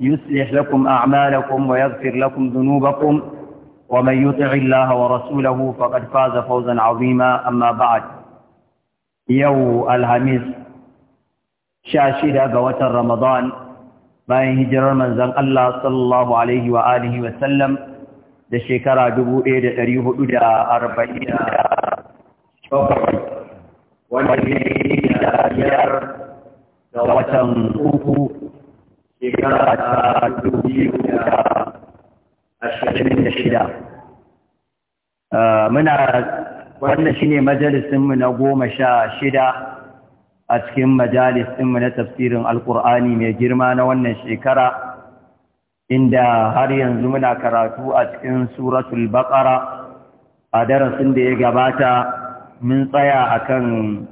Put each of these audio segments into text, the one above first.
يصلح لكم أعمالكم ويغفر لكم ذنوبكم ومن يطع الله ورسوله فقد فاز فوزا عظيما أما بعد يو الهميس شاشدة قوات رمضان bayan hijirar manzon Allah sallallahu alaihi wa alihi wa sallam da shekara 1440 wanda ya yi da watan uku ta uh, Muna wannan shi ne majalisinmu na goma sha shida a cikin mu na tafsirin Alƙur'ani mai girma na wannan shekara, inda har yanzu muna karatu a cikin Suratul Baƙara a darasin da ya gabata mun tsaya a kan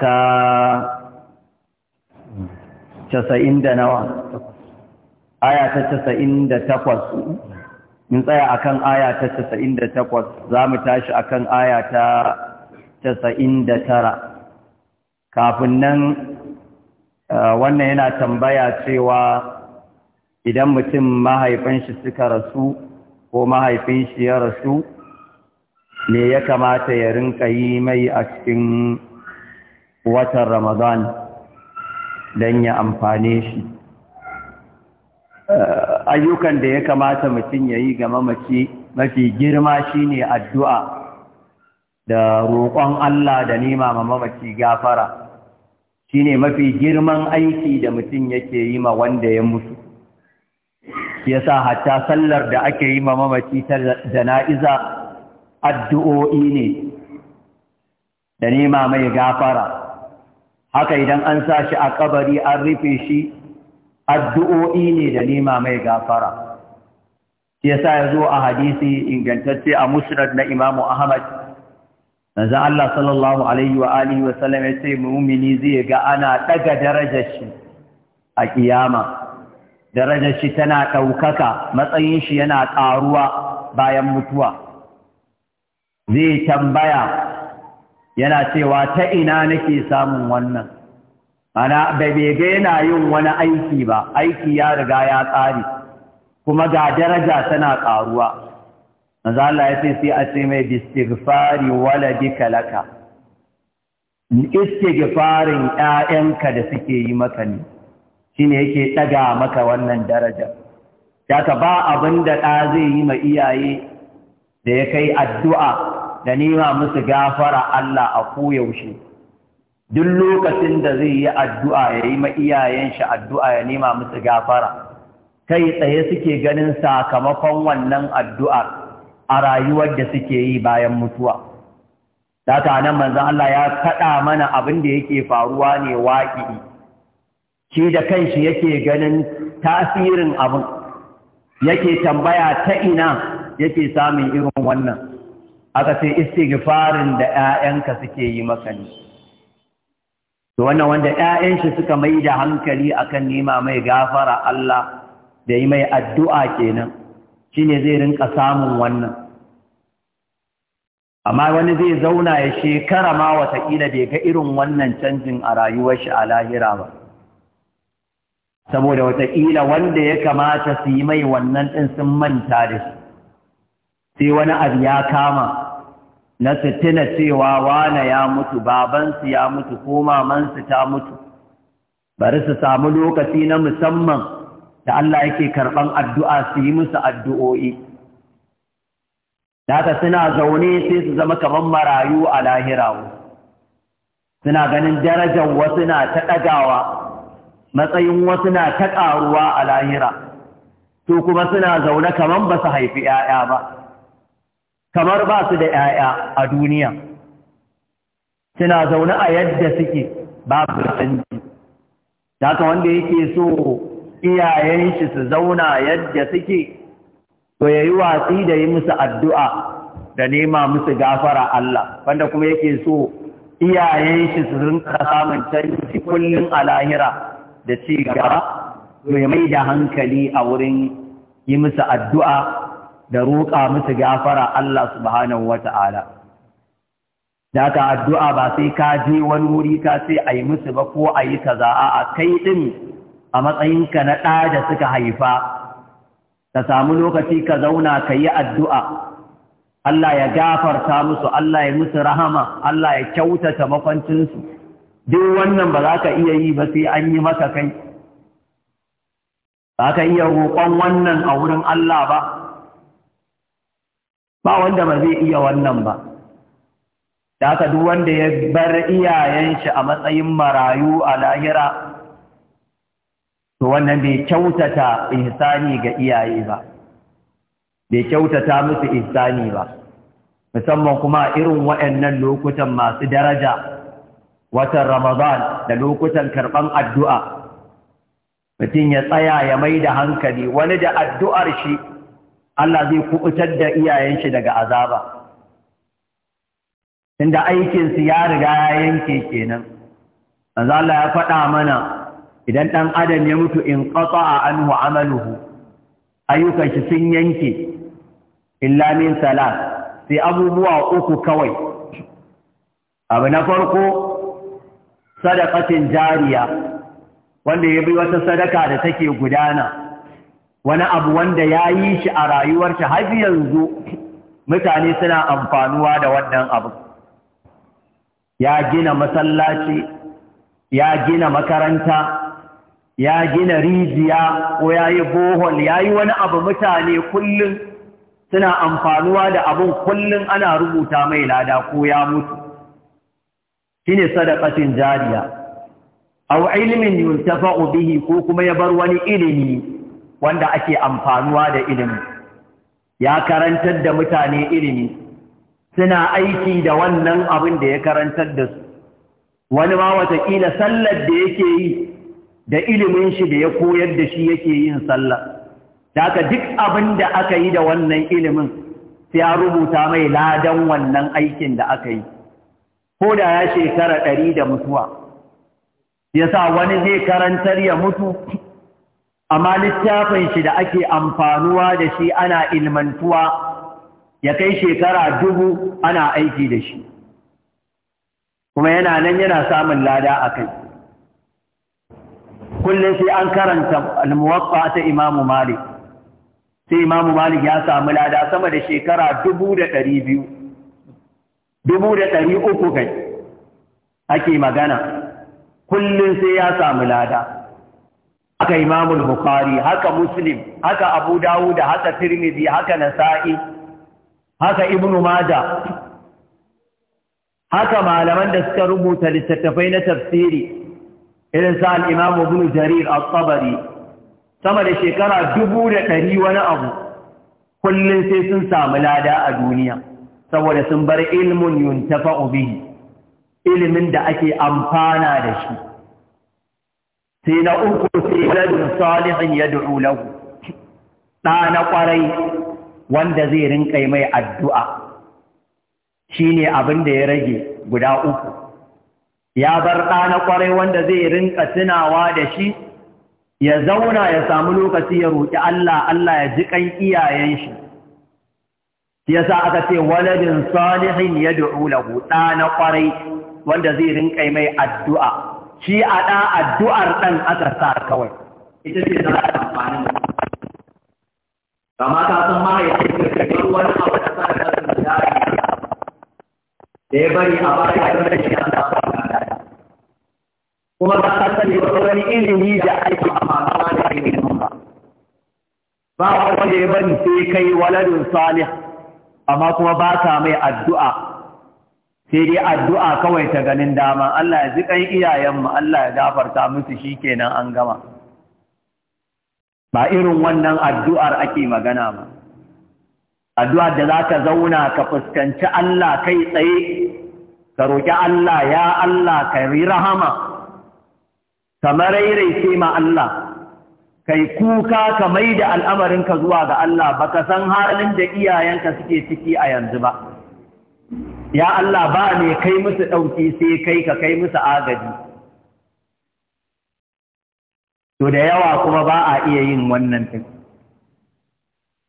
ta casa'in da nawa aya ta casa'in da takwas min tsaya a kan aya ta casa'in da takwas za mu tashi a kan aya ta casa'in da tara kafin nan eh, wannan yana tambaya cewa idan mutum mahaifin shi suka rasu ko mahaifin shi ya rasu me ya kamata ya rinka yi mai a cikin watan ramadan don ya amfane shi eh, ayyukan da ya kamata mutum ya yi ga mamaci mafi girma shine addu'a da roƙon Allah da nema ma mamaci gafara Shi ne mafi girman aiki da mutum yake yi ma wanda ya mutu sa hatta sallar da ake yi ma mamaci ta jana'iza addu'o'i ne da nema mai gafara haka idan an sa shi a kabari an rufe shi addu'o'i ne da nema mai gafara yasa ya zo a hadisi ingantacce a musulat na imamu ahmad manzon Allah sallallahu alaihi wa alihi wa sallam yace mu'mini zai ga ana daga darajar shi a ƙiyama. darajar shi tana ɗaukaka, matsayin shi yana ƙaruwa bayan mutuwa zai tambaya yana cewa ta ina nake samun wannan ana da bege yana yin wani aiki ba aiki ya riga ya tsari kuma ga daraja tana ƙaruwa manzo Allah ya ce sai a ce mai istighfari waladika laka istighfarin ƴaƴanka da suke yi maka ne shine yake daga maka wannan daraja ka ba abin da ɗa zai yi ma iyaye da ya kai addu'a da nema musu gafara Allah a koyaushe duk lokacin da zai yi addu'a ya yi ma iyayen shi addu'a ya nema musu gafara kai tsaye suke ganin sakamakon wannan addu'a a rayuwar da suke yi bayan mutuwa data nan manzon Allah ya faɗa mana abin da yake faruwa ne waƙi shi da kanshi yake ganin tasirin abin yake tambaya ta ina yake samun irin wannan aka ce istighfarin da ‘ya'yanka suke yi maka ne. To wannan wanda ‘ya'yan shi suka mai da hankali akan nema mai gafara Allah da yi mai addu'a kenan, shi ne zai rinka samun wannan. Amma wani zai zauna ya shekara ma watakila bai ga irin wannan canjin a rayuwar shi a lahira ba. Saboda watakila wanda ya kamata su yi mai wannan ɗin sun manta da shi. sai wani abu ya kama na su cewa wana ya mutu babansu ya mutu ko mamansu ta mutu bari su sami lokaci na musamman da Allah yake karɓan addu'a su yi musu addu'o'i haka suna zaune sai su zama kaman marayu a lahira lahirawo suna ganin darajar wasu na ta ɗagawa matsayin wasu na ta ƙaruwa a lahira to kuma suna zaune kaman ba su haifi ‘ya'ya ba kamar ba su da ‘ya'ya a duniya suna zaune a yadda suke babu canji haka wanda yake so iyayen shi su zauna yadda suke to yayi watsi da yi musu addu'a da nema musu gafara Allah wanda kuma yake so iyayen shi su rinka samun canji kullum a lahira da ci gaba to ya mai da hankali a wurin yi musu addu'a da roƙa musu gafara Allah subhanahu wata'ala da ka addu'a ba sai ka je wani wuri ka sai a yi musu ba ko a yi kaza a kai ɗin a matsayinka na ɗa da suka haifa ka samu lokaci ka zauna ka yi addu'a Allah ya gafarta musu Allah ya musu rahama Allah ya kyautata makwancinsu duk wannan ba za ka iya yi ba sai an yi maka kai ba ka iya roƙon wannan a wurin Allah ba ba wanda ba zai iya wannan ba da aka duk wanda ya bar iyayen shi a matsayin marayu a lahira to wannan bai kyautata ihsani ga iyaye ba bai kyautata musu ihsani ba musamman kuma irin waɗannan lokutan masu daraja watan Ramadan da lokutan karɓan addu'a mutum ya tsaya ya mai da hankali wani da addu'ar shi Allah zai kubutar da iyayen shi daga azaba inda aikin su ya riga ya yanke kenan manzo Allah ya faɗa mana idan dan adam ya mutu in qata'a anhu amaluhu ayyukan shi sun yanke illa min salat sai abubuwa uku kawai abu na farko sadaqatin jariya wanda ya bi wata sadaka da take gudana wani abu wanda ya yi shi a rayuwar shi har yanzu mutane suna amfanuwa da wannan abu ya gina masallaci ya gina makaranta ya gina rijiya ko ya yi bohol ya yi wani abu mutane kullum suna amfanuwa da abun kullum ana rubuta mai lada ko ya mutu shine sadaqatin jariya aw ilmin yuntafa bihi ko kuma ya bar wani ilimi wanda ake amfanuwa da ilimi ya karantar da mutane ilimi suna aiki da wannan abin da ya karantar da su wani ma watakila sallar da yake yi da ilimin shi da ya koyar da shi yake yin sallar, daga duk abin da aka yi da wannan ilimin sai ya rubuta mai ladan wannan aikin da aka yi ko da ya shekara ɗari da mutuwa ya sa wani zai karantar ya mutu amma littafin shi da ake amfanuwa da shi ana ilmantuwa ya kai shekara dubu ana aiki da shi kuma yana nan yana samun lada a kai kullum sai an karanta almuwaffa ta imamu malik sai imamu malik ya samu lada sama da shekara dubu da ɗari biyu dubu da ɗari uku kai ake magana kullum sai ya samu lada haka imamul bukhari haka muslim haka abu dawud haka tirmidhi haka nasa'i haka ibnu majah haka malaman da suka rubuta littattafai na tafsiri irin sa al-imam ibn jarir at-tabari sama da shekara dubu da ɗari wani abu kullum sai sun samu lada a duniya saboda sun bar ilmun yuntafa bihi ilimin da ake amfana da shi sai uku sai ladin salihin ya du'u lahu da na kwarai wanda zai rinka mai addu'a shine abin da ya rage guda uku ya bar da na kwarai wanda zai rinka tunawa da shi ya zauna ya samu lokaci ya roki Allah Allah ya ji kan iyayen shi yasa aka ce waladin salihin ya du'u lahu da na kwarai wanda zai rinka mai addu'a shi a ɗa addu'ar ɗan aka sa kawai ita ce za a amfani da kama ka san mahaifin da yi wani abu da sa da sun da da ya bari a yi da shi an da kuma ba ta sani ba wani ilimi da ake amfana da ilimin ba ba wanda ya bari sai kai waladun salih amma kuma ba ta mai addu'a sai dai addu'a kawai ta ganin dama Allah ya jiƙan iyayenmu Allah ya gafarta musu shi kenan an gama ba irin wannan addu'ar ake magana ba addu'ar da za ka zauna ka fuskanci Allah kai tsaye ka roƙi Allah ya Allah ka yi rahama marairai ce ma Allah kai kuka ka mai da al'amarinka zuwa ga Allah ba ka san halin da iyayenka suke ciki a yanzu ba ya Allah ba ne kai musu ɗauki sai kai ka kai musu agaji to da yawa kuma ba a iya yin wannan tun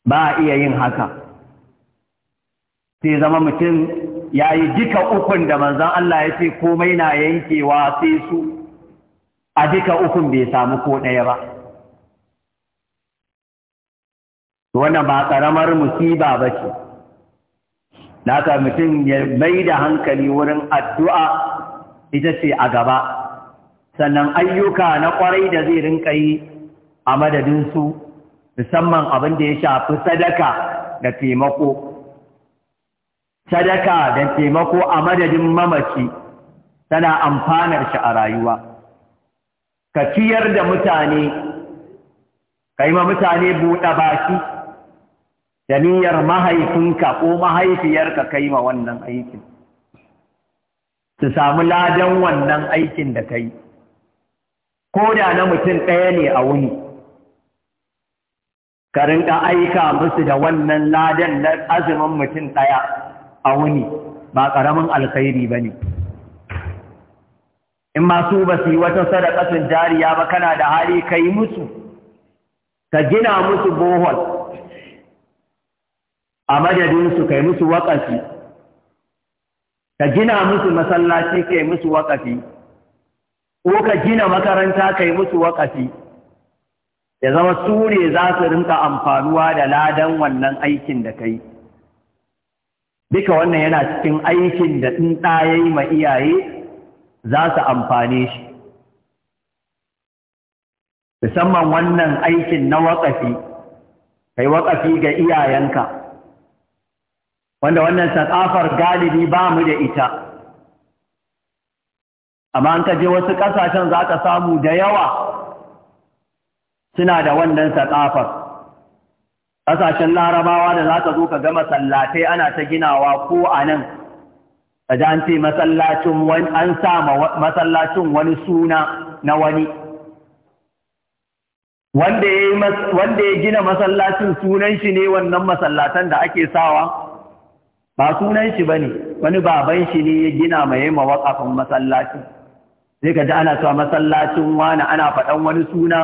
ba a iya yin haka sai zama mutum ya yi duka ukun da manzan Allah ya ce komai na yankewa sai su a duka ukun bai samu ko ɗaya ba wannan ba ƙaramar musiba ba ce Naka mutum ya mai da hankali wurin addu'a ita ce a gaba sannan ayyuka na ƙwarai da zai rinka yi a madadinsu musamman abin da ya shafi sadaka da taimako sadaka da taimako a madadin mamaci tana amfanar shi a rayuwa ka ciyar da mutane ka yi ma mutane buɗe baki da niyyar mahaifinka ko mahaifiyarka kai ma wannan aikin su samu ladan wannan aikin da kai ko da na mutum ɗaya ne a wuni ka aika musu da wannan ladan na azumin mutum ɗaya a wuni ba ƙaramin alkhairi ba ne in masu ba su yi wata sadakatun jariya ba kana da hali kai musu ka gina musu bohol a madadin su kai musu waƙafi ka gina musu masallaci kai musu waƙafi ko ka gina makaranta kai musu waƙafi ya zama sune ne za su rinka amfanuwa da ladan wannan aikin da kai duka wannan yana cikin aikin da in ɗaya ma iyaye za su amfane shi musamman wannan aikin na waƙafi kai waƙafi ga iyayenka wanda wannan sakafar galibi ba mu da ita amma an kaje wasu ƙasashen za ka samu da yawa suna da wannan sakafar ƙasashen larabawa da za ka zo ka ga masallatai ana ta ginawa ko a nan ka an ce masallacin masallacin wani suna na wani wanda ya gina masallacin sunan shi ne wannan masallatan da ake sawa ba sunan shi bane wani baban shi ne ya gina mai yayin mawaqafin masallacin sai ka ji ana cewa masallacin wani ana faɗan wani suna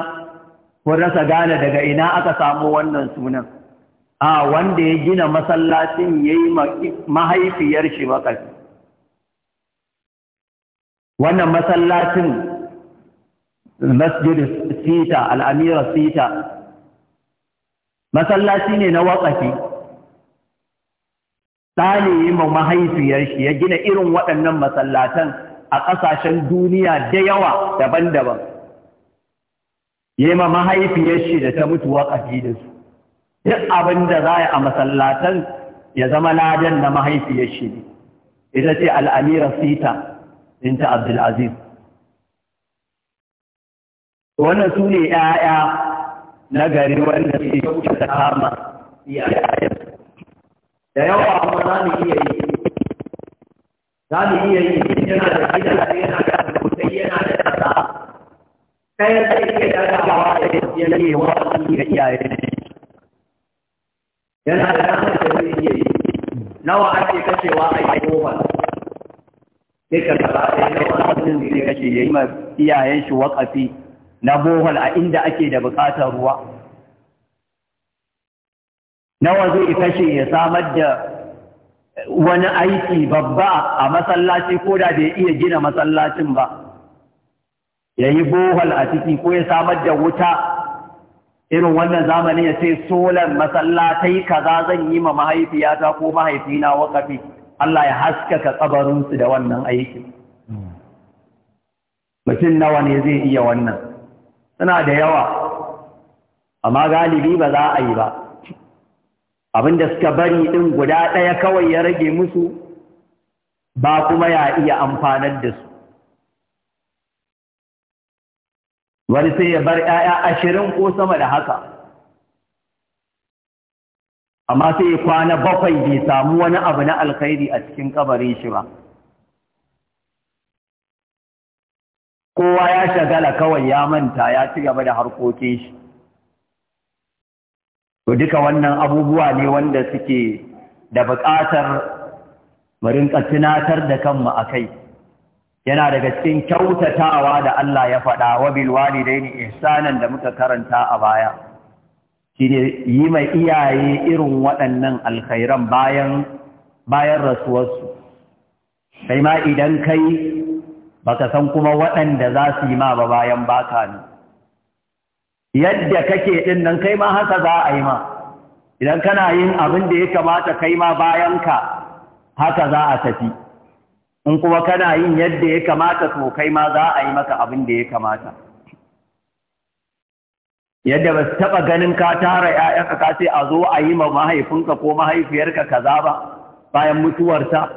kun rasa gane daga ina aka samu wannan sunan a wanda ya gina masallacin yayi mahaifiyar shi waqafi wannan masallacin masjid sita al'amira sita masallaci ne na waƙafi ɗane yi ma mahaifiyar shi ya gina irin waɗannan masallatan a ƙasashen duniya da yawa daban-daban yi ma mahaifiyar shi da ta mutuwa ƙafi da su duk abin da za a masallatan ya zama ladan na mahaifiyar shi ne ita ce al'amira sita binta abdulaziz wannan su ne ‘ya'ya na gari wanda suke kama iyayen da yawa amma za mu iya yi za mu iya yi yana da da yana da kudai yana da kasa kai da yake da dawa da yake wa da iyaye yana da damar da zai iya yi nawa ake kashewa a yi kowa sai ka gaba a yi kowa da zai kashe ya yi ma iyayen shi wakafi na bohol a inda ake da buƙatar ruwa nawa zai kashe ya samar da wani aiki babba a masallaci ko da bai iya gina masallacin ba ya yi bohol a ciki ko ya samar da wuta irin wannan zamanin ya ce solan masallatai kaza zan yi ma mahaifiyata ko mahaifina wakafi Allah ya haskaka tsabarinsu da wannan aiki mutum nawa ne zai iya wannan suna da yawa amma galibi ba za a yi ba Abin da suka bari ɗin guda ɗaya kawai ya rage musu ba kuma ya iya amfanar da su wani sai ya bar ‘ya'ya ashirin ko sama da haka amma sai ya kwana bakwai bai samu wani abu na alkhairi a cikin kabarin shi ba kowa ya shagala kawai ya manta ya ci gaba da harkokin shi to duka wannan abubuwa ne wanda suke da buƙatar marinka tunatar da kanmu a kai yana daga cikin kyautatawa da Allah ya faɗa wa yin ihsanan da muka karanta a baya ne yi mai iyaye irin waɗannan alkhairan bayan bayan rasuwarsu sai ma idan kai baka san kuma waɗanda za su yi ma ba bayan baka ne yadda kake din nan kai ma haka za a yi ma idan kana yin abin da ya kamata kai ma bayan ka haka za a tafi in kuma kana yin yadda ya kamata to kai ma za a yi maka abin da ya kamata yadda ba su taɓa ganin ka tara ‘ya'yanka ka sai a zo a yi ma mahaifinka ko mahaifiyarka kaza ba bayan mutuwarta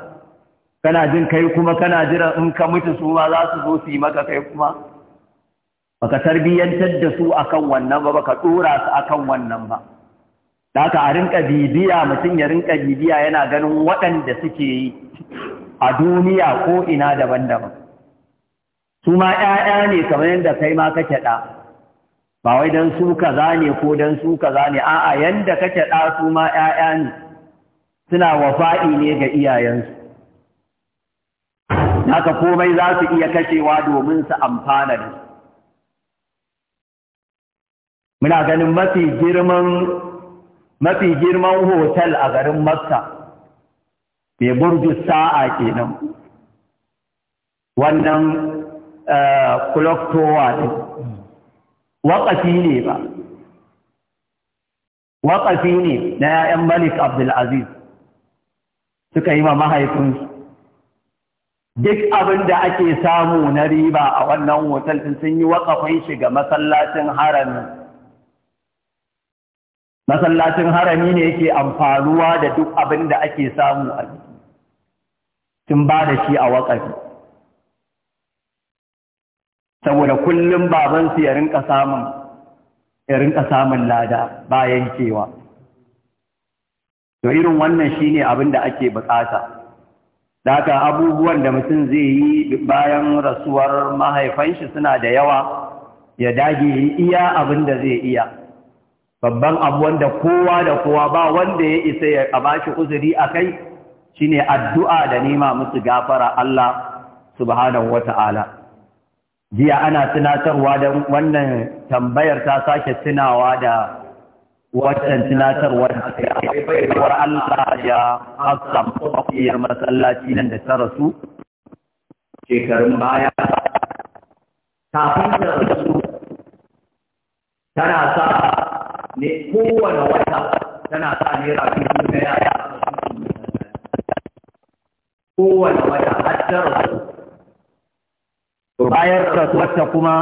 kana jin kai kuma kana jiran in ka mutu su ma za su zo su yi maka kai kuma baka tarbiyyantar da su akan wannan ba baka dora su akan wannan ba da haka a rinka bibiya mutum ya rinka bibiya yana ganin waɗanda suke yi a duniya ko ina daban-daban su ma ‘ya'ya ne kamar yadda kai ma kake ɗa ba wai don su kaza ne ko dan su kaza ne a'a yanda kake ɗa su ma ‘ya'ya ne suna wafa'i ne ga iyayensu haka komai za su iya kashewa domin su amfana da su muna ganin mafi girman mafi girman hotel a garin makka mai burju sa'a kenan wannan eh, clock tower din waƙafi ne ba waƙafi ne na 'ya'yan malik abdulaziz suka yi ma mahaifinsu duk abin da ake samu na riba a wannan hotel sun yi waƙafin shiga masallacin haramin masallacin harami ne yake amfaruwa da duk abin da ake samu a tun ba da shi a waƙafi saboda kullum babansu ya rinka samun ya rinka samun lada bayan cewa to irin wannan shine abin da ake bukata daga abubuwan da mutum zai yi bayan rasuwar mahaifanshi suna da yawa ya dage iya abin da zai iya babban abu wanda kowa da kowa ba wanda ya isa ya kaba shi uzuri a kai shi ne addu'a da nema musu gafara Allah subhanahu wa ta'ala. Jiya ana tunatarwa da wannan tambayar ta sake tunawa da watan tunatarwa da haifar Allah ya masallaci nan da ta rasu shekarun baya. Kafin da rasu tana sa ne kowane wata tana sa naira dubu yi ya kowane wata har ta rasu bayan rasuwarta kuma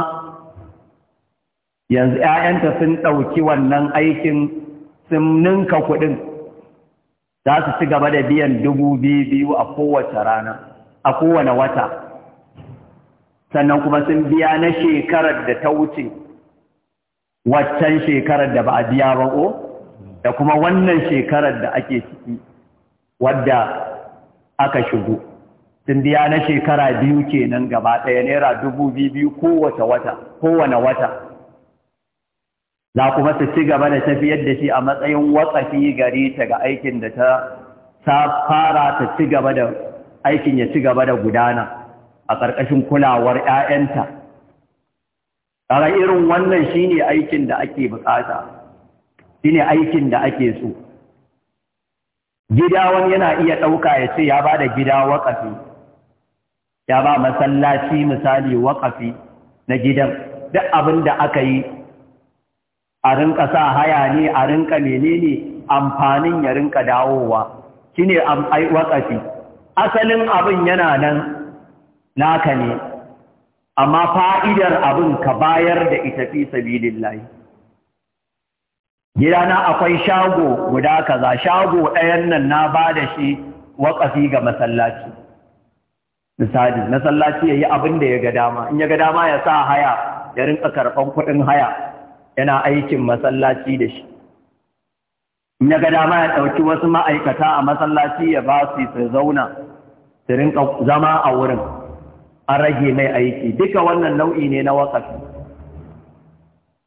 yanzu 'ya'yanta sun ɗauki wannan aikin sun ninka kuɗin za su ci gaba da biyan dubu biyu a kowace rana a kowane wata sannan kuma sun biya na shekarar da ta wuce waccan shekarar da ba a biya ba o da kuma wannan shekarar da ake ciki wadda aka shigo sun biya na shekara biyu kenan gaba ɗaya naira dubu biyu kowace wata kowane wata za kuma ta ci gaba da tafiyar da shi a matsayin watsafi gari ta ga aikin da ta ta fara ta ci gaba da aikin ya ci gaba da gudana a ƙarƙashin kulawar 'ya'yanta Kaga irin wannan shine aikin da ake bukata, shine aikin da ake so. Gida yana iya ɗauka ya ce ya ba da gida waƙafi, ya ba masallaci misali waƙafi na gidan, duk abin da aka yi a rinka sa haya ne, a rinka menene amfanin ya rinka dawowa, shine waƙafi. Asalin abin yana nan naka ne. amma fa'idar abin ka bayar da ita fi sabilillahi gidana akwai shago guda kaza shago ɗayan nan na ba da shi waƙafi ga masallaci misali masallaci ya yi abin da ya ga dama in ya ga dama ya sa haya ya rinka karɓan kuɗin haya yana aikin masallaci da shi in ya ga dama ya ɗauki wasu ma'aikata a masallaci ya ba su su zauna su rinka zama a wurin Ka rage mai aiki duka wannan nau'i ne na wakafi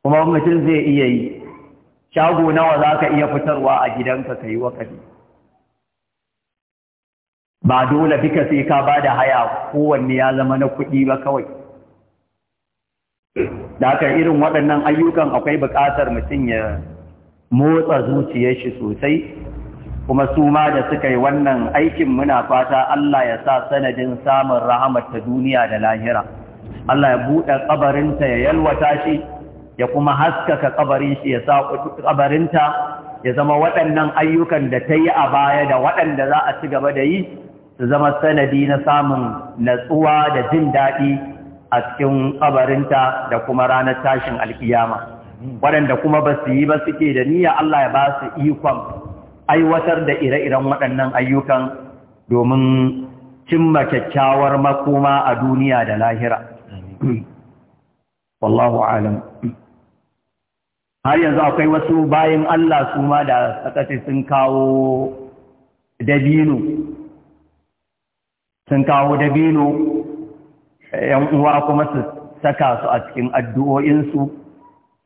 kuma mutum zai iya yi shago nawa za ka iya fitarwa a gidanka ka yi wakafi ba dole duka sai ka ba da haya kowanne ya zama na kuɗi ba kawai da aka irin waɗannan ayyukan akwai buƙatar mutum ya motsa zuciyar shi sosai kuma su ma da suka yi wannan aikin muna fata Allah ya sa sanadin samun rahamar ta duniya da lahira Allah ya buɗe kabarinta ya yalwata shi ya kuma haskaka kabarin shi ya sa kabarinta ya zama waɗannan ayyukan da ta yi a baya da waɗanda za a ci gaba da yi su zama sanadi na samun natsuwa da jin daɗi a cikin kabarinta da kuma ranar tashin alkiyama waɗanda kuma ba su yi ba suke da niyya Allah ya ba su ikon aiwatar da ire-iren waɗannan ayyukan domin cimma kyakkyawar makoma a duniya da lahira. Wallahu alam. Har yanzu akwai wasu bayan Allah su ma da sakasi sun kawo dabino. Sun kawo dabino, ‘yan uwa kuma su saka su a cikin addu'o'insu,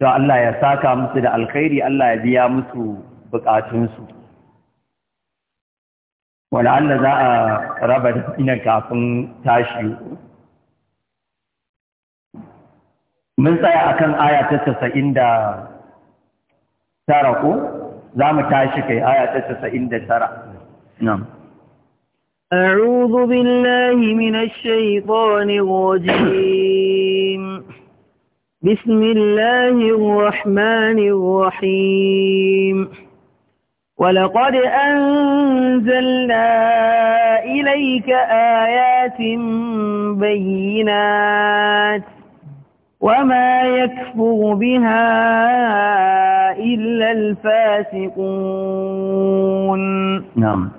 to Allah ya saka musu da alkhairi Allah ya biya musu bukatunsu. wani Allah za a raba da ina kafin tashi mun tsaya akan aya ta casa'in da tara ko za mu tashi kai aya ta da tara أعوذ بالله من الشيطان الرجيم بسم الله الرحمن الرحيم ولقد أنزلنا إليك آيات بينات وما يكفر بها إلا الفاسقون نعم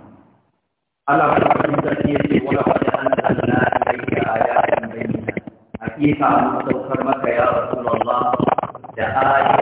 ولقد أنزلنا إليك آيات بينات حقيقة مستوفر مكة يا رسول الله دعاء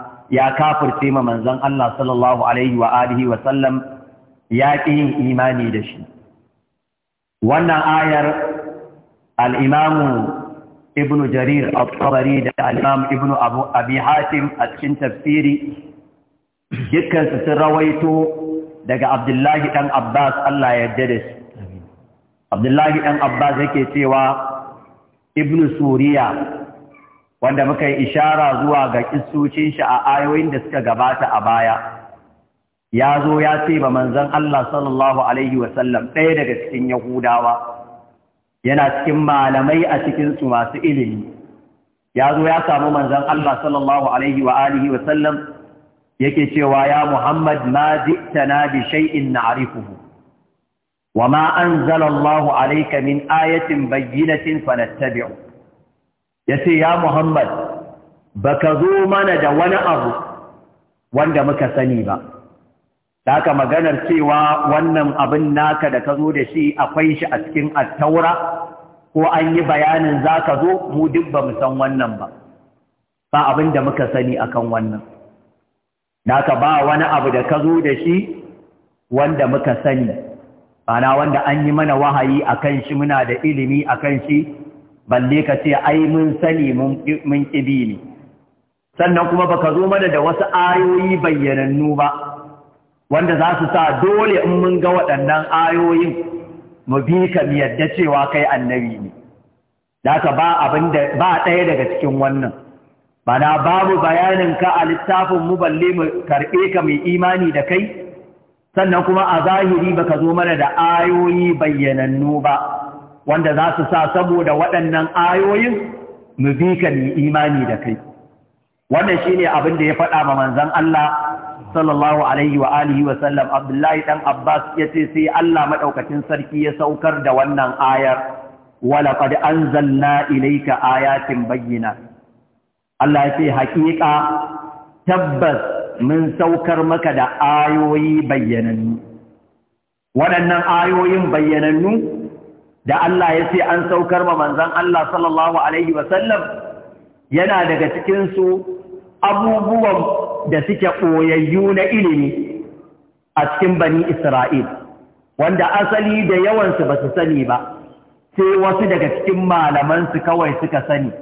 ya kafirce ma manzon Allah sallallahu alaihi wa alihi wa sallam ya ƙi yin imani da shi wannan ayar al-imam ibnu jarir at-tabari da al-imam ibnu abu abi hatim a cikin tafsiri dukkan su sun rawaito daga abdullahi dan abbas Allah ya yarda da shi abdullahi dan abbas yake cewa ibnu suriya wanda muka yi ishara zuwa ga kissocin shi a ayoyin da suka gabata a baya ya zo ya ce ba manzon Allah sallallahu alaihi wasallam ɗaya daga cikin Yahudawa yana cikin malamai a cikin su masu ilimi ya zo ya samu manzon Allah sallallahu alaihi wa alihi wasallam yake cewa ya Muhammad ma ji'tana bi shay'in na'rifuhu wa ma anzala Allahu alayka min ayatin bayyinatin fanattabi'u ya ce ya Muhammad ba ka zo mana da wani abu wanda muka sani ba da aka maganar cewa wannan abin naka da ka zo da shi akwai shi a cikin attaura ko an yi bayanin za ka zo mu duk ba mu san wannan ba ba abin da muka sani akan wannan da aka ba wani abu da ka zo da shi wanda muka sani ana wanda an yi mana wahayi akan shi muna da ilimi akan shi balle ka ce ai mun sani mun ƙibi ne sannan kuma baka zo mana da wasu ayoyi bayyanannu ba wanda za su sa dole in mun ga waɗannan ayoyin mu bi ka mu yadda cewa kai annabi ne da ba abin ba ɗaya daga cikin wannan bana babu bayanin ka a littafin mu balle mu karɓe ka mai imani da kai sannan kuma a zahiri baka zo mana da ayoyi bayyanannu ba wanda za su sa saboda waɗannan ayoyin mu bi ka mu imani da kai wannan shine abin da ya faɗa ma manzon Allah sallallahu alaihi wa alihi wa sallam Abdullahi dan Abbas ya ce sai Allah madaukakin sarki ya saukar da wannan ayar an anzalna ilaika ayatin bayyina. Allah yace haƙiƙa tabbas mun saukar maka da ayoyi bayyanannu waɗannan ayoyin bayyanannu da Allah ya ce an saukar ma manzan Allah sallallahu Alaihi wasallam yana daga cikinsu abubuwan da suke ɓoyayyu na ilimi a cikin bani Isra'il, wanda asali da yawansu ba su sani ba, sai wasu daga cikin malamansu kawai suka sani,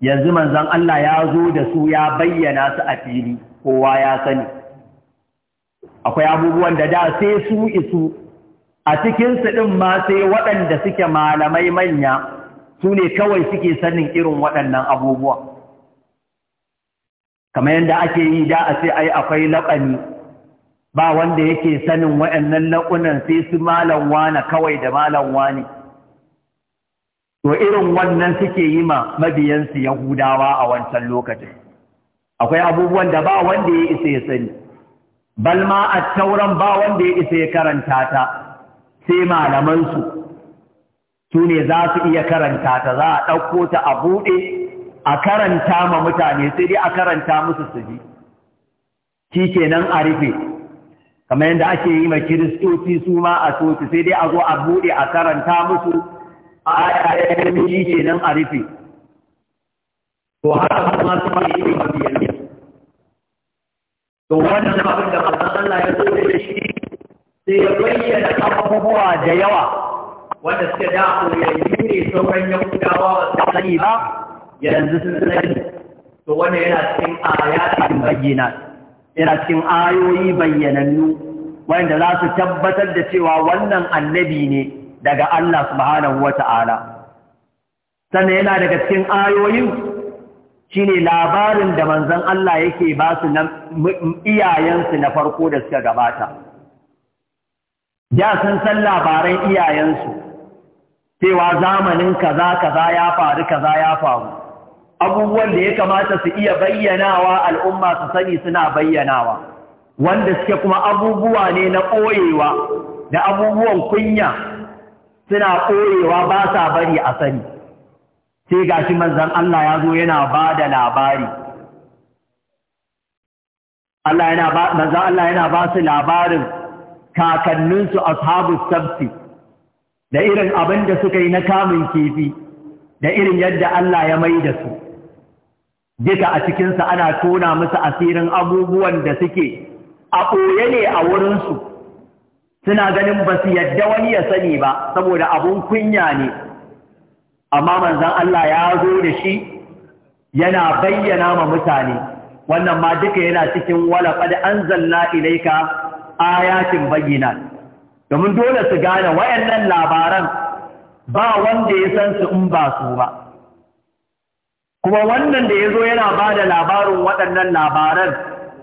yanzu manzan Allah ya zo da su ya bayyana su a fili, kowa ya sani. Akwai abubuwan da da sai su isu a cikinsu ɗin ma sai waɗanda suke malamai manya su ne kawai suke sanin irin waɗannan abubuwa kamar yadda ake yi da a ce ai akwai laƙani ba wanda yake sanin waɗannan laƙunan sai su malam wane kawai da malam wane to irin wannan suke yi ma mabiyansu yahudawa a wancan lokacin akwai abubuwan da ba wanda ya isa ya sani balma a tauran ba wanda ya isa ya karanta ta sai malamansu su ne za su iya karanta ta za a ɗauko ta a buɗe a karanta ma mutane sai dai a karanta musu su ji shi kenan a rufe kamar yadda ake yi ma kiristoci su ma a soci sai dai a zo a buɗe a karanta musu a ayyukan shi kenan a rufe to haka ma su ma yi mafi yanzu to wannan abin da Allah ya zo da shi sai ya bayyana abubuwa da yawa wanda suka da koyayyu ne sauran da ba su sani ba yanzu sun sani to wanda yana cikin ayatin bayyana yana cikin ayoyi bayyanannu wanda za su tabbatar da cewa wannan annabi ne daga Allah subhanahu wata'ala sannan yana daga cikin ayoyin shine labarin da manzon Allah yake ba su na iyayensu na farko da suka gabata ya sun san labaran iyayensu cewa zamanin kaza kaza ya faru kaza ya faru abubuwan da ya kamata su iya bayyanawa al'umma su sani suna bayyanawa wanda suke kuma abubuwa ne na ɓoyewa da abubuwan kunya suna ɓoyewa ba sa bari a sani sai gashi manzan Allah ya zo yana ba da labari Allah yana ba su labarin kakanninsu ashabu sabti da irin abin da suka yi na kamun kifi da irin yadda Allah ya mai da su duka a cikinsa ana tona musu asirin abubuwan da suke a ɓoye ne a wurinsu suna ganin ba su yadda wani ya sani ba saboda abun kunya ne amma manzan Allah ya zo da shi yana bayyana ma mutane wannan ma duka yana cikin walaƙad anzalna ilaika ayatin bayyana domin dole su gane wayannan labaran ba wanda ya san su in ba su ba kuma wannan da ya zo yana ba da labarin waɗannan labaran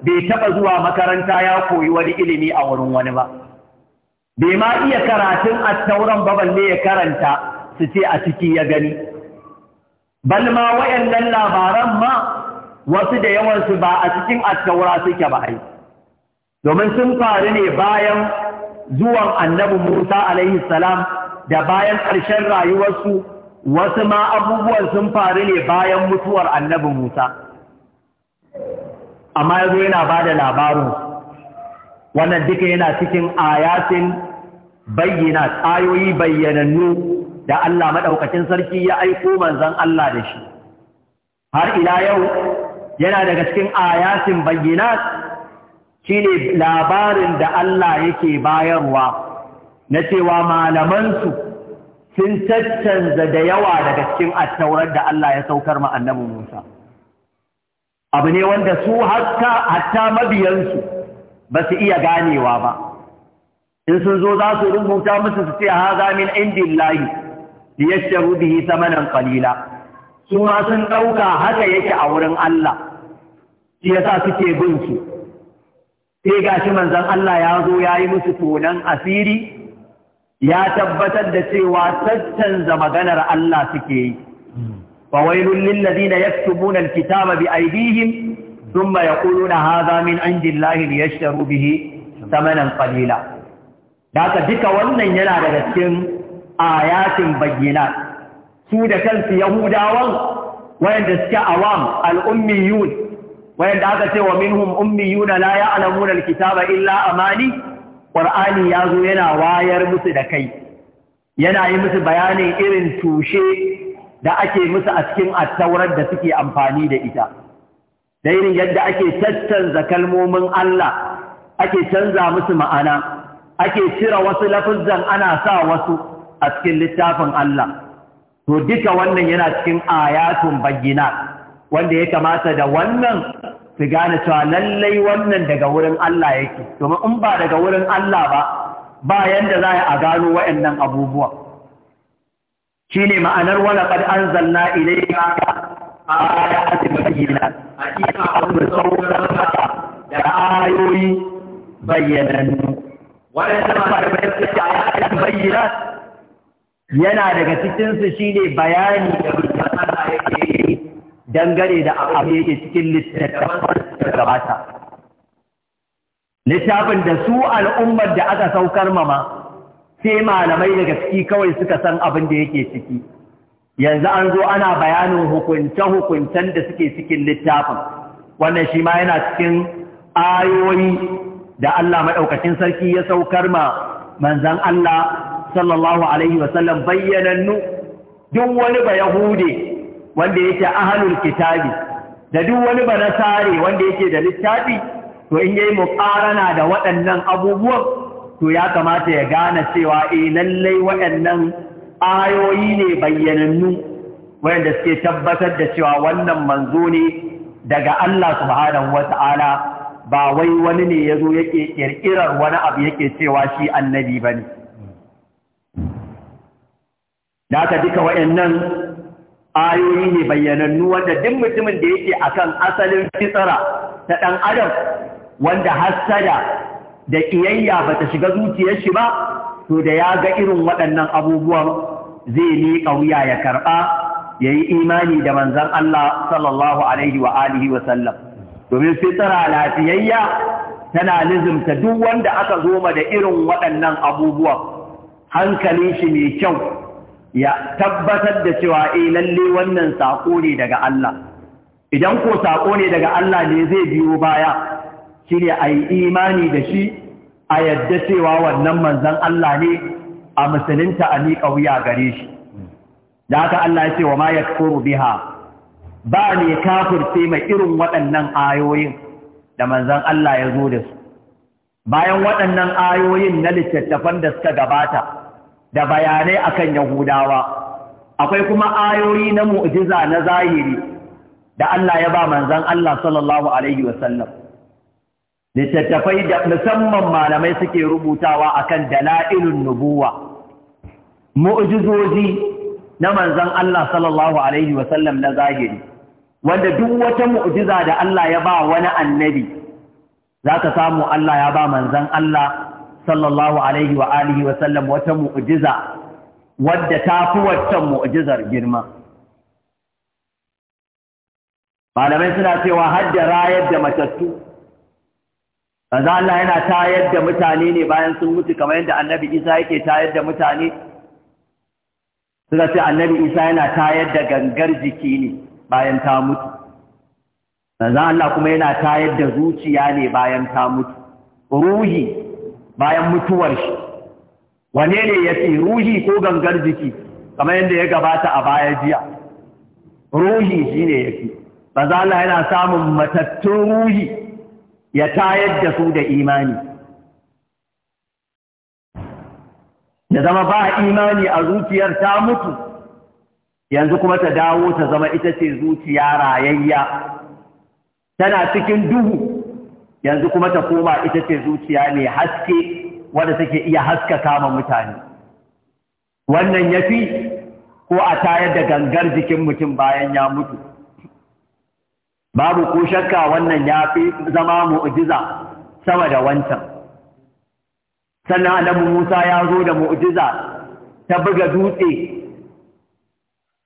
bai taɓa zuwa makaranta ya koyi wani ilimi a wurin wani ba bai ma iya karatun attauran ba balle ya karanta su ce a ciki ya gani balma wayannan labaran ma wasu da yawansu ba a cikin attaura suke ba ai domin sun faru ne bayan zuwan annabi Musa alaihi salam da bayan ƙarshen rayuwarsu wasu ma abubuwan sun faru ne bayan mutuwar annabi Musa amma yazo yana ba da labarin wannan duka yana cikin ayatin bayyana ayoyi bayyanannu da Allah maɗaukacin sarki ya aiko manzon Allah da shi har ila yau yana daga cikin ayatin bayyana. shine labarin da Allah yake bayarwa na cewa malamansu sun caccanza da yawa daga cikin attaurar da Allah ya saukar ma Musa abu ne wanda su hatta hatta mabiyansu ba su iya ganewa ba in sun zo za su rubuta musu su ce haza min indillahi liyashtaru bihi thamanan kalila su ma sun ɗauka haka yake a wurin Allah shi yasa suke bin su sai ga shi manzon Allah ya zo ya yi musu tonon asiri ya tabbatar da cewa tattanza maganar Allah suke yi fawailun lillazina yaktubuna kitaba bi ya thumma yaquluna hadha min indillahi liyashtaru bihi Samanan qalila daga duka wannan yana daga cikin ayatin bayyana su da kansu yahudawan wayanda suke awam al'ummiyun wayanda aka ce wa minhum ummiyuna la ya'lamuna alkitaba illa amani qur'ani yazo yana wayar musu da kai yana yi musu bayanin irin tushe da ake musu a cikin at-taurat da suke amfani da ita da irin yadda ake tattanza kalmomin Allah ake canza musu ma'ana ake cire wasu lafuzan ana sa wasu a cikin littafin Allah to duka wannan yana cikin ayatun bayyinat wanda ya kamata da wannan su gane cewa lallai wannan daga wurin Allah yake domin in ba daga wurin Allah ba ba yanda za a gano waɗannan abubuwa ne ma'anar wala qad anzalna ilayka ayatin bayyina hakika an saukar da ayoyi bayyanannu waɗanda malamai suke ayatin bayyina yana daga cikinsu shine bayani da bincin Allah yake yi Dangare da abu yake cikin littattafan da gabata. Littafin da su al'ummar da aka saukar mama sai malamai daga ciki kawai suka san abin da yake ciki. Yanzu an zo ana bayanin hukunce-hukuncen da suke cikin littafin, wannan shi ma yana cikin ayoyi da Allah maɗaukacin sarki ya saukar ma manzan Allah sallallahu Alaihi wasallam bayyanannu duk wani ba hude. wanda yake ahalul kitabi da duk wani banasare wanda yake da littafi to in yayi muqarana da waɗannan abubuwan to ya kamata ya gane cewa eh lallai waɗannan ayoyi ne bayyanannu wanda suke tabbatar da cewa wannan manzo ne daga Allah subhanahu wata'ala ba wai wani ne yazo yake kirkirar wani abu yake cewa shi annabi bane da ka duka waɗannan ayoyi ne bayyanannu wanda duk mutumin da yake akan asalin fitsara ta ɗan adam wanda hassada da ƙiyayya ba ta shiga zuciyar shi ba to da ya ga irin waɗannan abubuwan zai ne wuya ya karɓa ya yi imani da manzan Allah sallallahu alaihi wa alihi wa sallam domin fitsara lafiyayya tana lizimta duk wanda aka zoma da irin waɗannan abubuwan hankalin shi mai kyau ya tabbatar da cewa eh lalle wannan sako ne daga Allah idan ko saƙo ne daga Allah ne zai biyo baya shine ayi imani da shi a yadda cewa wannan manzon Allah ne a musulunta a miƙa wuya gare shi da haka Allah ya ce wa ma yakfuru biha ba ne kafirce mai irin waɗannan ayoyin da manzon Allah ya zo da su bayan waɗannan ayoyin na littattafan da suka gabata da bayanai akan Yahudawa akwai kuma ayoyi na mu'jiza na zahiri da Allah ya ba manzon Allah sallallahu alaihi wasallam littattafai da musamman malamai suke rubutawa akan dala'ilun nubuwa mu'jizoji na manzan Allah sallallahu alaihi wasallam na zahiri wanda duk wata mu'jiza da Allah ya ba wani annabi zaka samu Allah ya ba manzan Allah sallallahu alaihi wa alihi wa sallam wata mu'jiza wadda ta fi waccan mu'jizar girma malamai suna cewa haddara yadda rayar da matattu manzo Allah yana tayar da mutane ne bayan sun mutu kamar yadda annabi Isa yake tayar da mutane suka ce annabi Isa yana tayar da gangar jiki ne bayan ta mutu manzo Allah kuma yana tayar da zuciya ne bayan ta mutu ruhi bayan mutuwar shi wane ne ya ce ruhi ko gangar jiki kamar yadda ya gabata a baya jiya ruhi shi ne ya fi bazala yana samun matattun ruhi ya tayar da su da imani ya zama ba imani a zuciyar ta mutu yanzu kuma ta dawo ta zama ita ce zuciya rayayya tana cikin duhu yanzu kuma ta koma ita ce zuciya mai haske wadda take iya haska kama mutane wannan ya fi ko a tayar da gangar jikin mutum bayan ya mutu babu ko shakka wannan ya fi zama mu'jiza sama da wancan sannan annabi Musa ya zo da mu'jiza ta buga dutse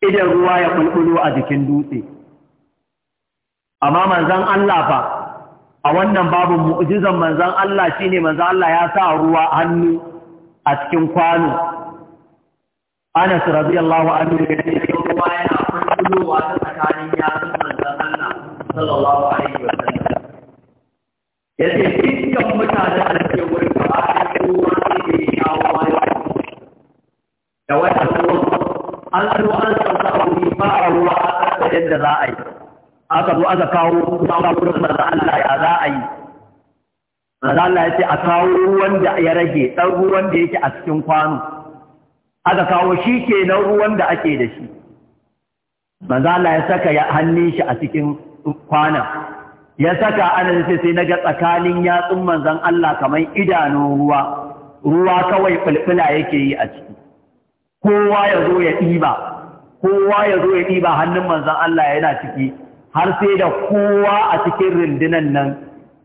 idan ruwa ya bulbulo a jikin dutse amma manzon Allah fa a wannan babu mu'jizan manzan Allah shi ne, manzan Allah ya sa ruwa hannu a cikin kwano Anas radiyallahu anhu ya ce kuma yana kullowa ta tsakanin yatsun manzan Allah sallallahu alaihi wa sallam yace dukkan mutanen da ke wurin ba a ruwa ne shawo da wata ruwa an ruwa an sauka wuri ba a ruwa a ƙasa yadda za a yi aka zo aka kawo Allah ya za a yi ya ce a kawo ruwan da ya rage ɗan ruwan da yake a cikin kwano aka kawo shi ke nan ruwan da ake da shi manzo ya saka ya hannun shi a cikin kwana ya saka anan sai sai ga tsakanin yatsun manzon Allah kamar idanun ruwa ruwa kawai fulfula yake yi a ciki kowa ya zo ya ɗiba kowa ya zo ya ɗiba hannun manzon Allah yana ciki har sai da kowa a cikin rundunan nan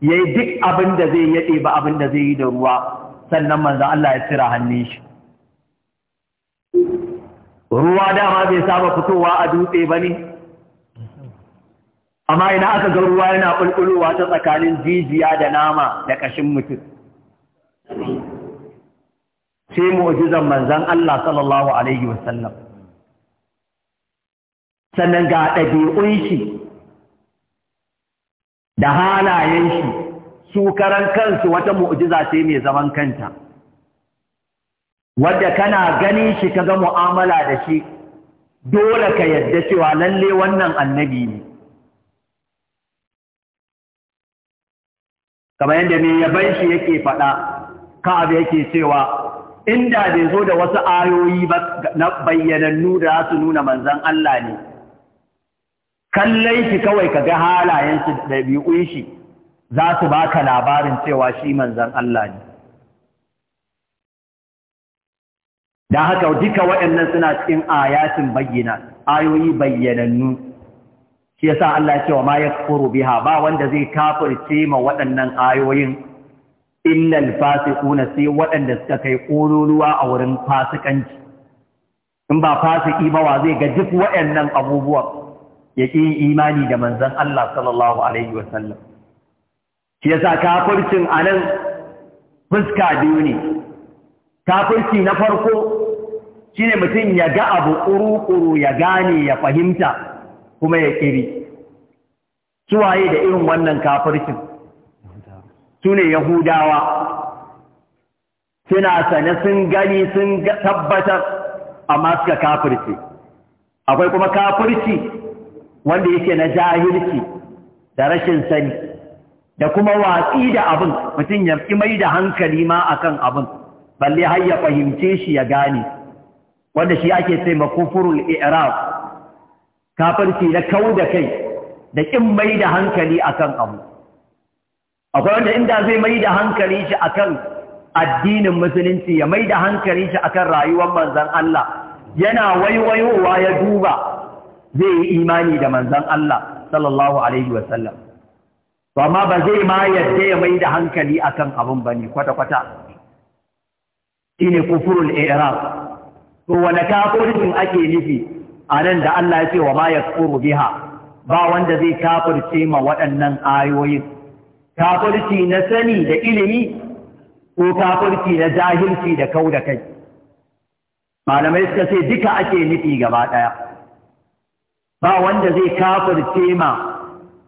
ya yi duk abin da zai yaɗe ba abin da zai yi da ruwa sannan manzan Allah ya cira hannun shi ruwa dama bai saba fitowa a dutse ba ne amma ina aka ga ruwa yana ɓulɓulowa ta tsakanin jijiya da nama da ƙashin mutum sai mu'jizan manzan Allah sallallahu alaihi wasallam sannan ga ɗabi'un shi da halayen shi su karan kansu wata mu'jiza ce mai zaman kanta wanda kana gani shi kaga mu'amala da shi dole ka yadda cewa lalle wannan annabi ne kamar yadda mai yaban shi yake faɗa ka'ab yake cewa inda bai zo da wasu ayoyi ba na bayyanannu da su nuna manzan Allah ne kallai shi kawai ka ga halayen shi da ɗabi'un shi za su baka labarin cewa shi manzan Allah ne da haka duka waɗannan suna cikin ayatin bayyana ayoyi bayyanannu shi yasa Allah cewa ce wa ma yakfuru biha ba wanda zai kafirce ma waɗannan ayoyin illal fasiquna sai waɗanda suka kai ƙololuwa a wurin fasikanci in ba fasiki ba wa zai ga duk waɗannan abubuwan ya ƙi imani da manzan Allah sallallahu Alaihi wasallam. Shi sa kafircin a nan fuska biyu ne, kafirci na farko shi ne mutum ya ga abu ƙuru-ƙuru ya gane ya fahimta kuma ya ƙiri. Suwaye da irin wannan kafircin, su ne Yahudawa, suna sane sun gani sun tabbatar a suka kafirci. Akwai kuma kafirci wanda yake na jahilci da rashin sani da kuma watsi da abin mutum ya mai da hankali ma akan abin balle har ya fahimce shi ya gane wanda shi ake sai makufurul i'rab kafirci na kau da kai da kin mai da hankali akan abu akwai wanda inda zai mai da hankali shi akan addinin musulunci ya mai da hankali shi akan rayuwar manzan Allah yana waiwayowa ya duba zai yi imani da manzan Allah sallallahu alaihi wa to amma ba zai ma yadda ya mai da hankali akan abin ba bane kwata kwata ne kufurul era to wani kafirin ake nufi anan da Allah ya ce wa ma kuru biha ba wanda zai kafirce ma waɗannan ayoyin kafirci na sani da ilimi ko kafirci na jahilci da kau da kai malamai suka ce duka ake nufi gaba ɗaya ba wanda zai kafirce ma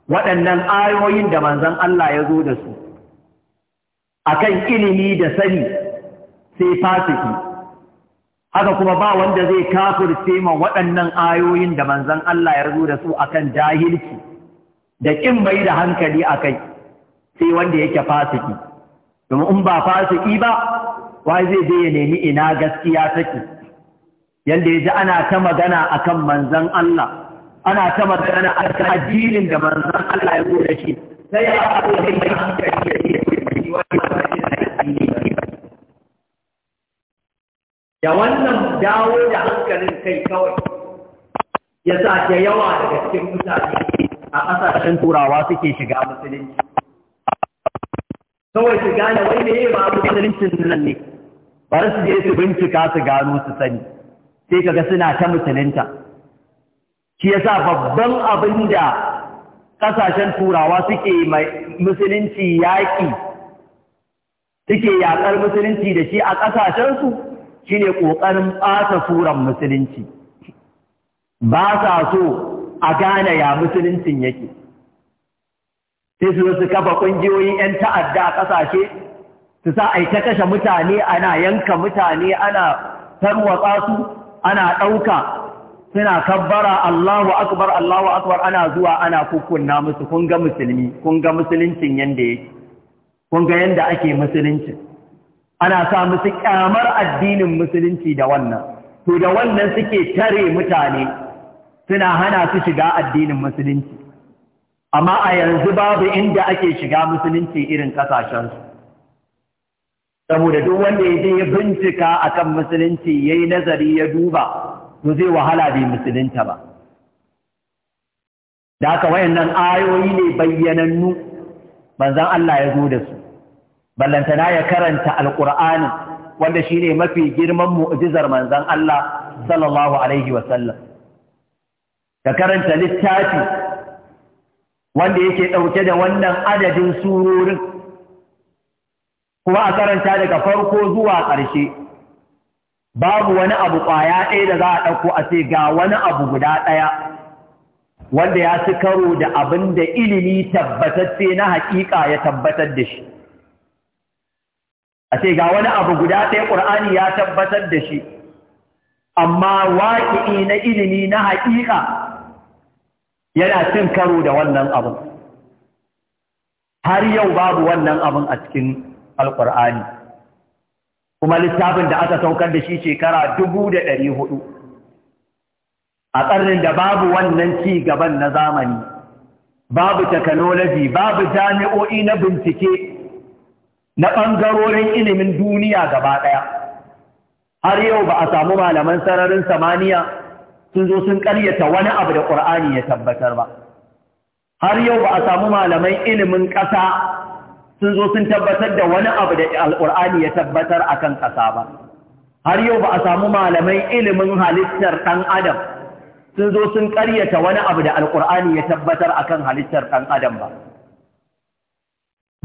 waɗannan ayoyin da manzan Allah ya zo da su a kan ilimi da sani sai fasiki haka kuma ba wanda zai kafirce ma waɗannan ayoyin da manzan Allah ya zo da su a kan jahilci da ƙin bai da hankali a kai sai wanda yake fasiki domin in ba fasiki ba wai zai zai nemi ina gaskiya take yanda ya ji ana ta magana akan manzan Allah ana ta magana a kan addinin da manzon Allah ya gode shi sai ya faɗo da mai da ke yi da da wannan dawo da hankalin kai kawai ya sa da yawa da cikin mutane a ƙasashen turawa suke shiga musulunci kawai su gane wai ne ba musuluncin nan ne bari su je su bincika su gano su sani sai kaga suna ta musulunta shi yasa babban abin da ƙasashen turawa suke musulunci yaƙi suke yaƙar musulunci da shi a ƙasashensu shi ne ƙoƙarin ɓata turan musulunci ba sa so a gane ya musuluncin yake sai su su kafa ƙungiyoyin 'yan ta'adda a ƙasashe su sa aita kashe mutane ana yanka mutane ana tarwatsa su ana ɗauka suna kabbara Allahu akbar Allahu akbar ana zuwa ana kukunna musu kun ga musulmi kun ga musuluncin yanda yake kun ga yanda ake musulunci ana sa musu kyamar addinin musulunci da wannan to da wannan suke tare mutane suna hana su shiga addinin musulunci amma a yanzu babu inda ake shiga musulunci irin su, saboda duk wanda ya ya bincika akan musulunci yayi nazari ya duba to zai wahala bai musulunta ba da haka wayannan ayoyi ne bayyanannu banzan Allah ya zo da su ballantana ya karanta Alƙur'ani, wanda shi ne mafi girman mu'jizar manzon Allah sallallahu alaihi wasallam ka karanta littafi wanda yake ɗauke da wannan adadin surorin kuma a karanta daga farko zuwa ƙarshe babu wani abu ƙwaya ɗaya da za a ɗauko a ce ga wani abu guda ɗaya wanda ya ci karo da abin da ilimi tabbatacce na haƙiƙa ya tabbatar da shi a ce ga wani abu guda ɗaya ƙur'ani ya tabbatar da shi amma waƙi'i na ilimi na haƙiƙa yana cin karo da wannan abin har yau babu wannan abin a cikin alƙur'ani kuma littafin da aka saukar da shi shekara dubu da ɗari hudu a ƙarnin da babu wannan ci gaban na zamani babu takanoloji babu jami'o'i na bincike na ɓangarorin ilimin duniya gaba ɗaya har yau ba a samu malaman sararin samaniya sun zo sun ƙaryata wani abu da ƙur'ani ya tabbatar ba har yau ba a samu malaman ilimin ƙasa sun zo sun tabbatar da wani abu da alƙur'ani ya tabbatar a kan ƙasa ba har yau ba a samu malamai ilimin halittar ɗan adam sun zo sun ƙaryata wani abu da alƙur'ani ya tabbatar a kan halittar ɗan adam ba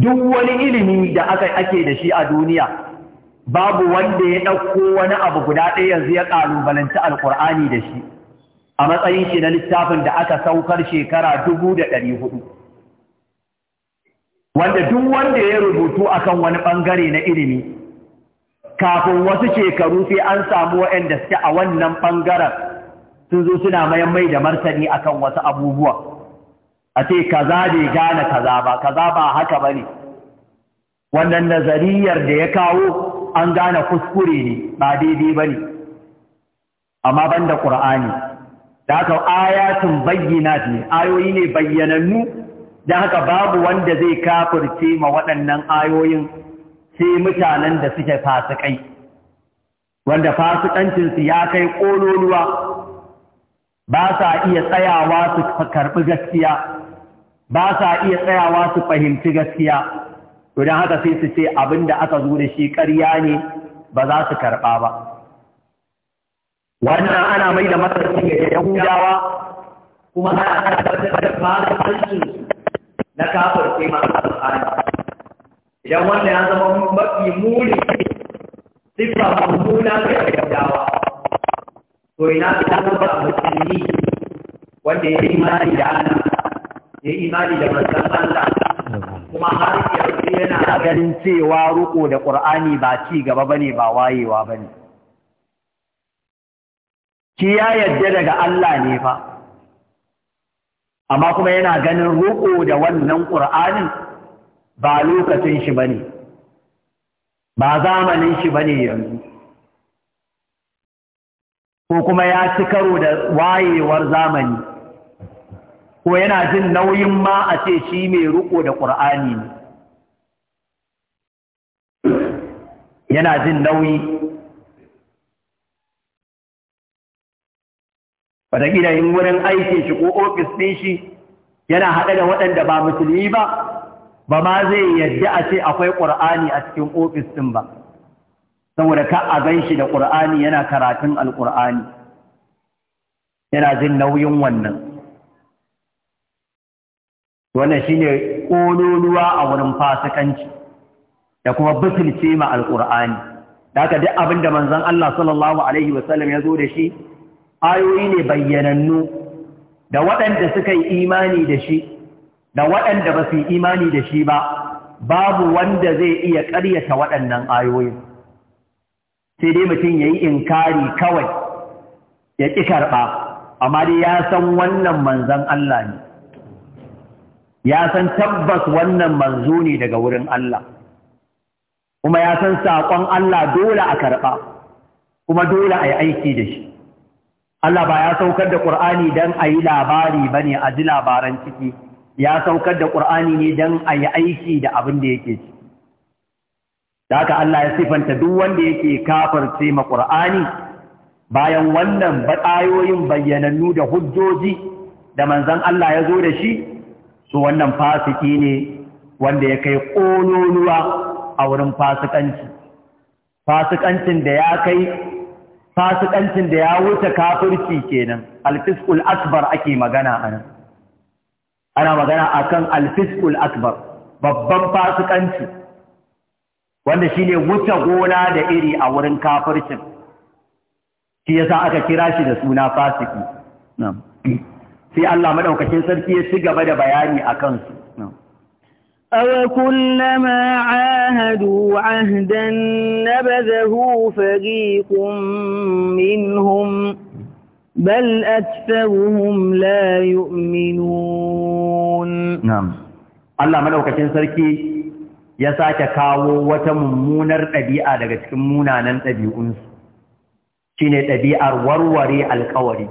duk wani ilimi da aka ake da shi a duniya babu wanda ya ɗauko wani abu guda ɗaya yanzu ya ƙalubalanci alƙur'ani da shi a matsayin shi na littafin da aka saukar shekara dubu da ɗari hudu wanda duk wanda ya rubutu akan wani bangare na ilimi kafin wasu shekaru sai an samu waɗanda suke a wannan bangaren sun zo suna mayan da martani akan wasu abubuwa a ce kaza bai gane kaza ba kaza ba haka bane wannan nazariyar da ya kawo an gane kuskure ne ba daidai bane amma banda qur'ani da haka ayatun bayyinat ne ayoyi ne bayyanannu don haka babu wanda zai kafirce ma waɗannan ayoyin sai mutanen da suke fasikai wanda fasikancinsu ya kai ƙololuwa ba sa iya tsayawa su karɓi gaskiya ba sa iya tsayawa su fahimci gaskiya to don haka sai su ce abin da aka zo da shi ƙarya ne ba za su karɓa ba wannan ana mai da matsarci ga yahudawa kuma ana da fasikancinsu na kafar sai masu alƙani idan wannan ya zama mafi muni siffa mummuna ga dawa to ina ta zama musulmi wanda ya yi imani da Allah ya yi imani da manzon Allah kuma har yanzu yana ganin cewa ruko da Qur'ani ba ci gaba bane ba wayewa bane ki ya yarda daga Allah ne fa amma kuma yana ganin roƙo da wannan ƙur'anin ba lokacin shi ba ba zamanin shi ba yanzu ko kuma ya ci karo da wayewar zamani ko yana jin nauyin ma a ce shi mai roƙo da ƙur'ani yana jin nauyi wataƙila yin wurin aikin shi ko ofis ɗin shi yana haɗe da waɗanda ba musulmi ba ba ma zai yadda a ce akwai ƙur'ani a cikin ofis ɗin ba saboda ka a gan shi da ƙur'ani yana karatun alƙur'ani yana jin nauyin wannan wannan shi ne ƙololuwa a wurin fasikanci da kuma bisulce ma alƙur'ani da haka duk abin da manzon Allah sallallahu alaihi wasallam ya zo da shi ayoyi ne bayyanannu da waɗanda suka yi imani da shi da waɗanda ba su yi imani da shi ba babu wanda zai iya ƙaryata waɗannan ayoyin sai dai mutum ya yi inkari kawai ya ƙi karɓa amma dai ya san wannan manzan Allah ne ya san tabbas wannan manzo ne daga wurin Allah kuma ya san saƙon Allah dole a karɓa kuma dole a yi aiki da shi Allah ba ya saukar da Qur'ani dan a yi labari ne a ji labaran ciki ya saukar da ƙur'ani ne dan a yi aiki da abin da yake ci da haka Allah ya sifanta duk wanda yake kafirce ma ƙur'ani? bayan wannan ayoyin bayyanannu da hujjoji da manzon Allah ya zo da shi su wannan fasiki ne wanda ya kai ƙololuwa a wurin fasikanci fasikancin da ya kai fasikancin da ya wuce kafirci kenan alfiskul akbar ake magana a nan ana magana akan alfiskul akbar babban fasikanci wanda shine wuce gona da iri a wurin kafircin shi yasa aka kira shi da suna fasiki sai Allah madaukakin sarki ya ci gaba da bayani a kansu. أوكلما عاهدوا عهدا نبذه فريق منهم بل أكثرهم لا يؤمنون نعم الله من أوكا سركي يساك كاو وتممون الأبيع لك تكمونا نم أبيع أنس كين الأبيع الوروري القوري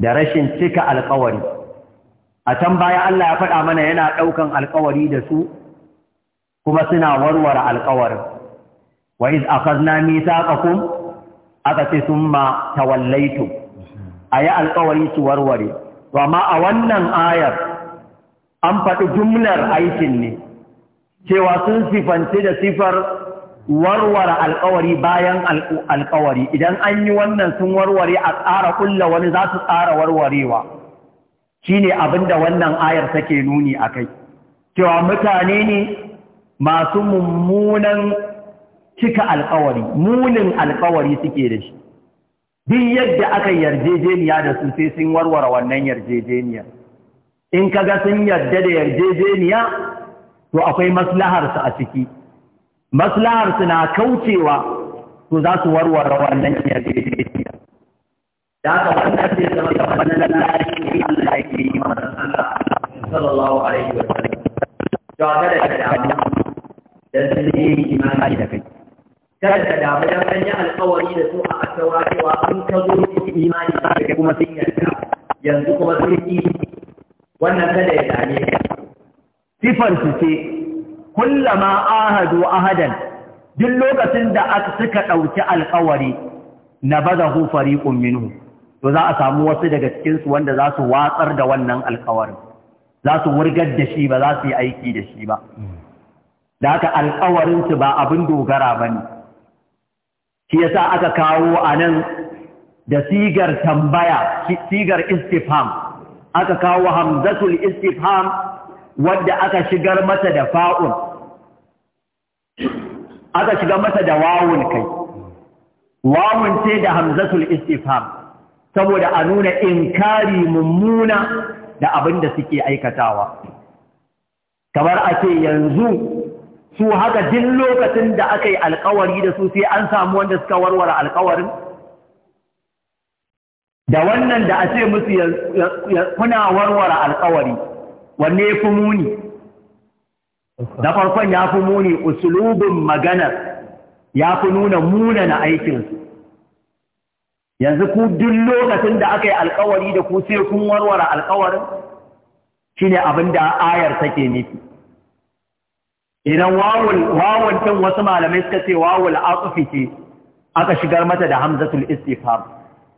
درشن تك القوري a can baya Allah ya faɗa mana yana ɗaukan alkawari da su kuma suna warware alƙawarin. wa iz akhadna mithaqakum aka ce summa tawallaitum ayi alkawari su warware to amma a wannan ayar an faɗi jumlar aikin ne cewa sun sifanci da sifar warware alƙawari bayan alkawari idan an yi wannan sun warware a tsara kulla wani za su tsara warwarewa Shi shine abinda wannan ayar take nuni a kai. cewa mutane ne masu mummunan cika alkawari munin alkawari suke da shi duk yadda aka yarjejeniya da su sai sun warware wannan yarjejeniya in kaga sun yarda da yarjejeniya to akwai maslaharsu a ciki maslaharsu na kaucewa to za su warware wannan yarjejeniya da haka wannan zai zama kamar na lalari ne Allah yake yi masa Allah sallallahu alaihi wa sallam to kada ka damu dan sun yi imani da kai kada ka damu da an yi alƙawari da su a asawa cewa an ka zo imani da kai kuma sun yarda yanzu kuma sun yi wannan kada ya dame ka sifar su ce kullama ahadu ahadan duk lokacin da suka ɗauki alƙawari na bazahu hufari minhu to za a samu wasu daga cikinsu wanda za su watsar da wannan alkawarin za su wurgar da shi ba za su yi aiki da shi ba da haka alkawarinsu ba abin dogara ba ne shi yasa aka kawo a nan da sigar tambaya sigar istifham aka kawo hamzatul istifham wadda aka shigar mata da fa'un aka shigar mata da wawun kai wawun ce da hamzatul istifham saboda a nuna inkari mummuna da abin da suke aikatawa kamar a ce yanzu su haka duk lokacin da aka yi alkawari da su sai an samu wanda suka warware alkawarin da wannan da a ce musu kuna warware alkawari wanne ya fi muni na farkon ya fi muni usulubin maganar ya fi nuna munana aikinsu yanzu ku duk lokacin da aka yi alkawari da ku sai kun warware alkawarin shine abin da ayar take nufi idan wawul wasu malamai suka ce wawul aqfi ce aka shigar mata da hamzatul istifham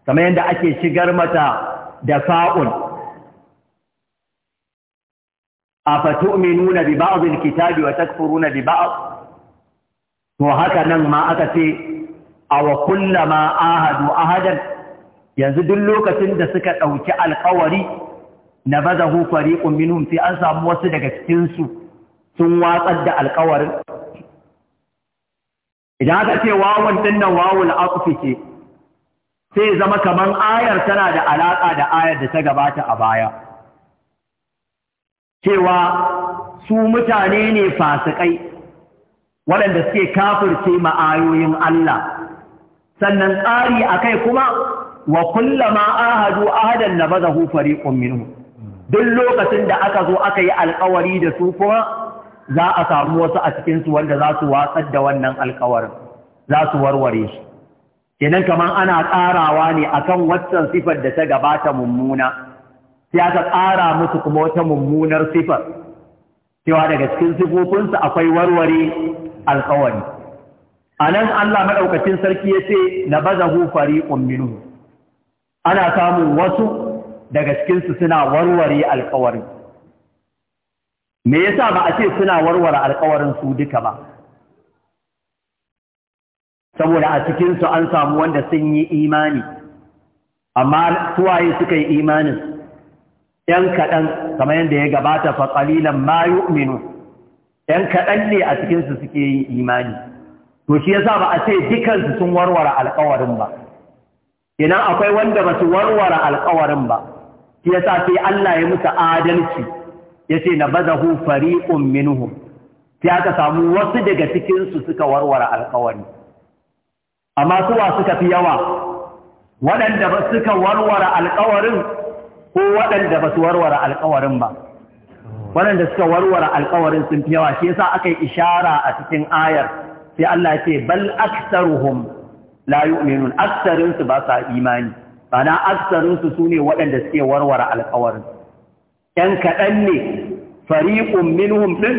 kamar yadda ake shigar mata da fa'ul afatu'minuna bi ba'd alkitabi wa takfuruna bi ba'd to haka nan ma aka ce A awa kullama ahadu ahadan yanzu duk lokacin da suka ɗauki alkawari na bazahu fariqun minhum sai an samu wasu daga cikin su sun watsar da alkawarin idan aka ce wawan dinnan wawul aqfi ce sai zama kamar ayar tana da alaƙa da ayar da ta gabata a baya cewa su mutane ne fasikai waɗanda suke kafirce ma'ayoyin Allah sannan tsari a kai kuma wa kullama ahadu ahadan na baza hufari minhu duk lokacin da aka zo aka yi alkawari da su kuma za a samu wasu a cikinsu wanda za su watsar da wannan alkawarin za su warware shi kenan kamar ana ƙarawa ne akan waccan sifar da ta gabata mummuna sai aka ƙara musu kuma wata mummunar sifar cewa daga cikin sifofinsu akwai warware alkawari Anan Allah maɗaukacin sarki ya ce na baza hufari ƙumminu ana samu wasu daga cikinsu suna warware alƙawarin. me yasa ba a ce suna warware alƙawarin su duka ba saboda a cikinsu an samu wanda sun yi imani amma tuwaye suka yi imanin ‘yan kaɗan kamar yadda ya gabata fa ƙalilan ma yu'minu ‘yan kaɗan ne a cikinsu suke yin imani’ to shi yasa ba a ce dukansu sun warware alƙawarin ba idan akwai wanda ba su warware alƙawarin ba shi yasa sai Allah ya musu adalci ya ce na bazahu fari'un minhum sai aka samu wasu daga cikinsu suka warware alƙawari amma su wa suka fi yawa waɗanda ba suka warware alƙawarin ko waɗanda ba su warware alƙawarin ba waɗanda suka warware alƙawarin sun fi yawa shi yasa aka yi ishara a cikin ayar sai Allah ya ce bal aktsaruhum la yu'minun aktsarin su ba sa imani bana aksarinsu su sune waɗanda suke warware alƙawarin ɗan kaɗan ne fariqun minhum din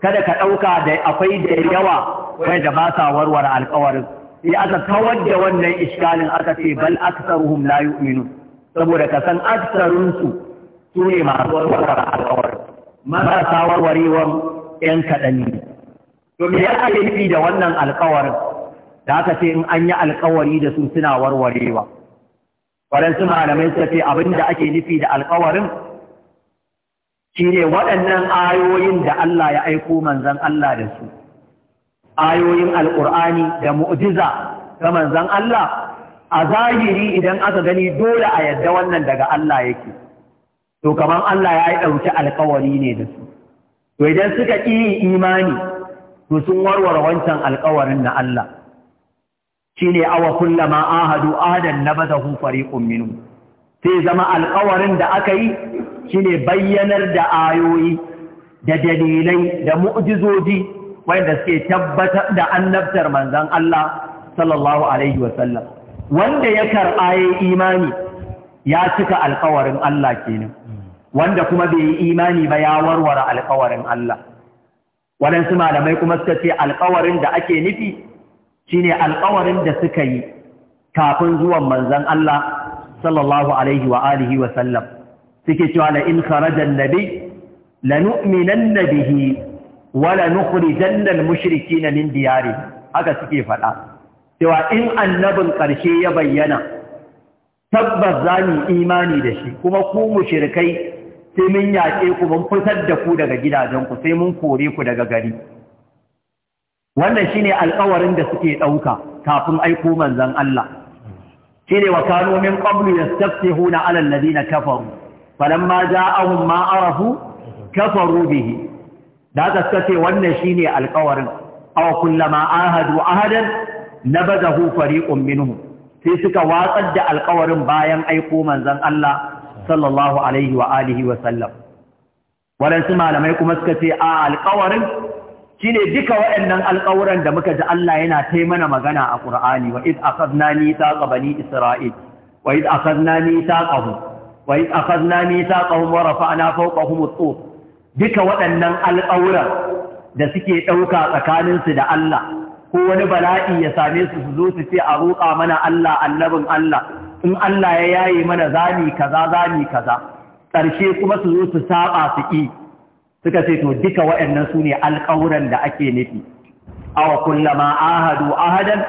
kada ka ɗauka da akwai da yawa wanda ba sa warware alƙawarin sai aka kawar da wannan iskalin aka ce bal aktsaruhum la yu'minun saboda ka san aktsarin su sune masu warware alƙawarin marasa warwarewan ɗan kaɗan ne to me ya ake nufi da wannan alkawarin da aka ce in an yi alkawari da su suna warwarewa waɗansu malamai suka ce abin da ake nufi da alkawarin shi ne waɗannan ayoyin da Allah ya aiko manzon Allah da su ayoyin alƙur'ani da mu'jiza ga manzon Allah a zahiri idan aka gani dole a yadda wannan daga Allah yake to kamar Allah ya yi ɗauki alkawari ne da su to idan suka ƙi imani to sun warware wancan alkawarin na Allah shine awa kullama ahadu ahadan nabadahu fariqun minhum sai zama alkawarin da aka yi shine bayyanar da ayoyi da dalilai da mu'jizoji wanda suke tabbatar da annabtar manzon Allah sallallahu alaihi wasallam wanda ya karɓa imani ya cika alkawarin Allah kenan wanda kuma bai yi imani ba ya warware alkawarin Allah waɗansu malamai kuma suka ce alƙawarin da ake nufi shine alƙawarin da suka yi kafin zuwan manzon Allah sallallahu alaihi wa alihi sallam suke cewa la in kharaja an-nabi lanu'minanna bihi wa lanukhrijanna al-mushrikeena min diyari haka suke faɗa cewa in annabin ƙarshe ya bayyana tabbas za mu imani da shi kuma ku mushrikai sai mun yaƙe ku mun fitar da ku daga gidajen ku sai mun kore ku daga gari wannan shine alƙawarin da suke ɗauka kafin aiko manzon Allah shine wa kanu min qablu yastaftihuna 'ala alladhina kafaru falamma ja'ahum ma arafu kafaru bihi da aka sace wannan shine alƙawarin aw kullama ahadu ahadan nabadahu fariqun minhum sai suka watsar da alƙawarin bayan aiko manzon Allah sallallahu alaihi wa alihi wa sallam waɗansu malamai kuma suka ce a alƙawarin shine duka waɗannan alƙawuran da muka ji Allah yana tai mana magana a ƙur'ani. wa id akhadna mithaqa bani isra'il wa id akhadna mithaqahum wa id akhadna mithaqahum wa rafa'na fawqahum at-tur duka waɗannan alƙawuran da suke ɗauka tsakaninsu da Allah ko wani bala'i ya same su su zo su ce a roƙa mana Allah annabin Allah in Allah ya yaye mana zami kaza zami kaza ƙarshe kuma su zo su saba su yi suka ce to duka waɗannan su ne alƙawuran da ake nufi awa kullama ahadu ahadan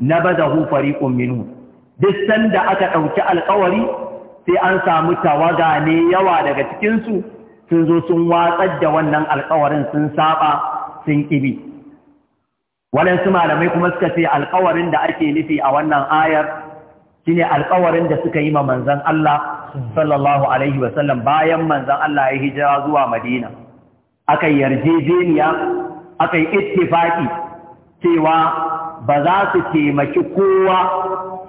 nabadahu fariqun minhu duk sanda aka ɗauki alƙawari sai an samu tawaga ne yawa daga cikin su sun zo sun watsar da wannan alƙawarin sun saba sun ƙibi waɗansu malamai kuma suka ce alƙawarin da ake nufi a wannan ayar shine alƙawarin da suka yi ma manzon Allah sallallahu alaihi wasallam bayan manzon Allah ya hijira zuwa Madina akai yarjejeniya akai ittifaqi cewa ba za su taimaki kowa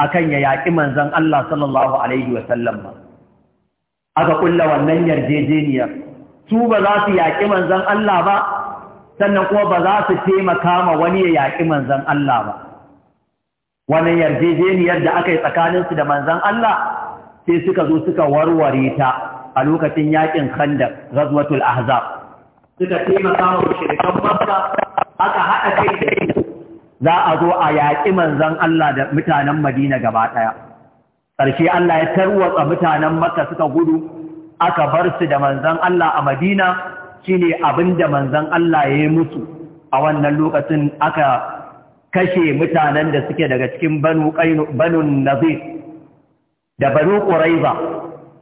akan ya yaƙi manzon Allah sallallahu alaihi wasallam ba aka kulla wannan yarjejeniyar su ba za su yaƙi manzon Allah ba sannan kuma ba za su taimaka ma wani ya yaƙi manzon Allah ba wannan yarjejeniyar da aka yi tsakaninsu da manzan Allah sai suka zo suka warware ta a lokacin yakin khandaq ghazwatul ahzab suka taimaka wa shirkan makka aka haɗa kai da za a zo a yaƙi manzan Allah da mutanen Madina gaba ɗaya ƙarshe Allah ya tarwatsa mutanen makka suka gudu aka bar su da manzan Allah a Madina shine abin da manzan Allah ya yi musu a wannan lokacin aka kashe mutanen da suke daga cikin banu banun nazir da banu quraiza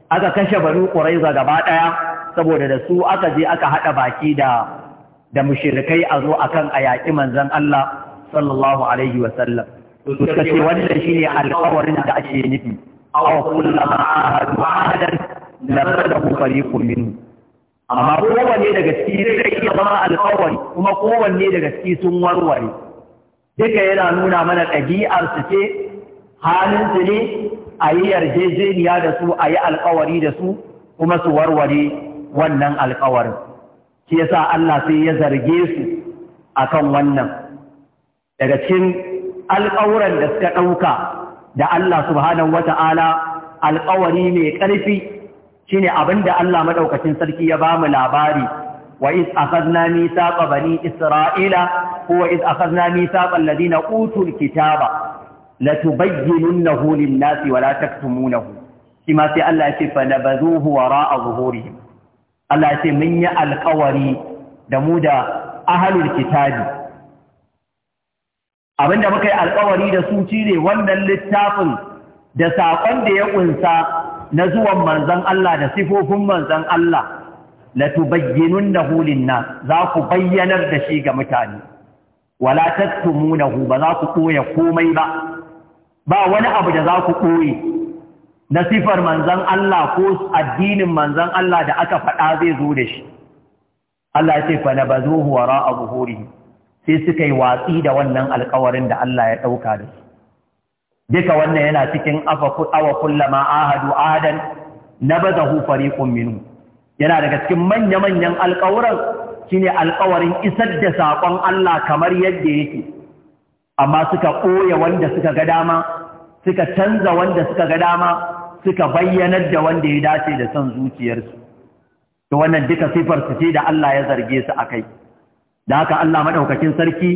aka kashe banu quraiza gaba ɗaya saboda da su aka je aka haɗa baki da da mushrikai a zo akan ayaki manzon Allah sallallahu alaihi wa sallam suka ce wannan shine alƙawarin da ake nufi aw kullama ahadu ahadan nabadahu fariqun minhu amma kowanne daga cikin zai iya zama alƙawari kuma kowanne daga cikin sun warware duka yana nuna mana ɗabi'ar ce su ne a yi yarjejeniya da su a yi alkawari da su kuma su warware wannan alkawarin shi yasa Allah sai ya zarge su akan wannan daga cikin alkawuran da suka ɗauka da Allah subhanahu wata'ala alkawari mai ƙarfi shine abin da Allah maɗaukacin sarki ya ba mu labari وإذ أخذنا ميثاق بني إسرائيل هو إذ أخذنا ميثاق الذين أوتوا الكتاب لتبيننه للناس ولا تكتمونه كما سي الله يتي فنبذوه وراء ظهورهم الله يتي من القوري دمود أهل الكتاب abin da muka yi alkawari da su cire wannan littafin da saƙon da ya ƙunsa na zuwan manzan Allah da sifofin manzan Allah latubayyinunnahu linnas za ku bayyanar da shi ga mutane wala tattumunahu ba za ku koya komai ba ba wani abu da za ku ɓoye. na sifar manzan Allah ko addinin manzan Allah da aka faɗa zai zo da shi Allah ya ce fa na bazuhu wara abu sai suka yi watsi da wannan alkawarin da Allah ya ɗauka da su duka wannan yana cikin awa kullama ahadu adan na bazahu fariqun minhu yana daga cikin manya-manyan alkawuran shine alƙawarin isar da saƙon Allah kamar yadda yake amma suka ɓoye wanda suka ga dama suka canza wanda suka ga dama suka bayyanar da wanda ya dace da son zuciyarsu to wannan duka sifar su ce da Allah ya zarge su akai da haka Allah madaukakin sarki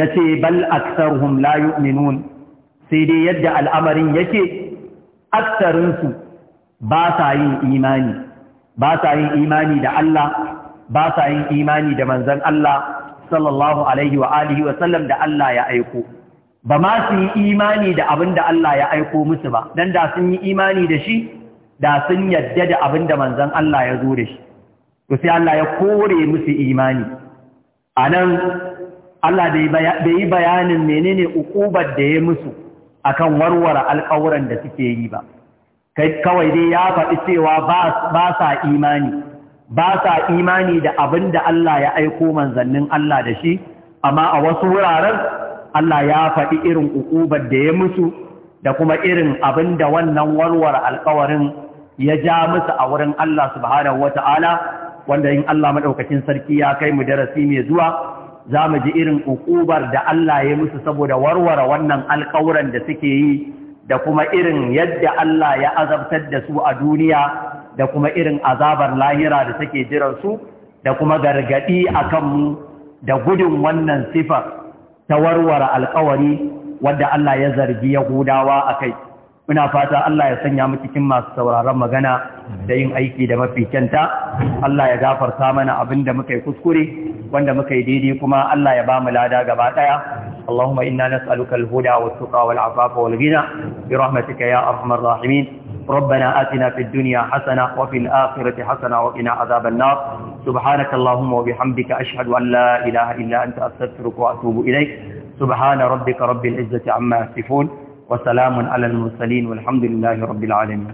yace bal aksar la yu'minun sai dai yadda al'amarin yake aktsarin ba sa yin imani ba sa yin imani da Allah ba sa yin imani da manzon Allah sallallahu alaihi wa alihi wa sallam da Allah ya aiko ba ma su yi imani da abinda Allah ya aiko musu ba dan da sun yi imani da shi da sun yadda da abin da manzon Allah ya zo da shi to sai Allah ya kore musu imani anan Allah bai yi bayanin menene ukubar da ya musu akan warware alƙawuran da suke yi ba kai kawai dai ya faɗi cewa ba sa imani ba sa imani da abin da Allah ya aiko manzannin Allah da shi amma a wasu wuraren Allah ya faɗi irin ukubar da ya musu da kuma irin abin da wannan warware alkawarin ya ja musu a wurin Allah subhanahu wata'ala wanda yin Allah maɗaukacin sarki ya kai mu darasi mai zuwa za mu ji irin ukubar da Allah ya musu saboda warware wannan alkawuran da suke yi da kuma irin yadda Allah ya azabtar da su a duniya da kuma irin azabar lahira da take jiran su da kuma gargadi akan mu da gudun wannan sifar ta warware alkawari wadda Allah ya zargi Yahudawa kai. muna fata Allah ya sanya mu cikin masu sauraron magana da yin aiki da mafi kyanta Allah ya gafarta mana abinda muka yi kuskure wanda muka yi daidai kuma Allah ya bamu lada gaba daya Allahumma inna nas'aluka al-huda was-tuqa wal-afafa wal-ghina bi rahmatika ya arhamar rahimin ربنا آتنا في الدنيا حسنة وفي الآخرة حسنة وقنا عذاب النار سبحانك اللهم وبحمدك أشهد أن لا إله إلا أنت أستغفرك وأتوب إليك سبحان ربك رب العزة عما يصفون وسلام على المرسلين والحمد لله رب العالمين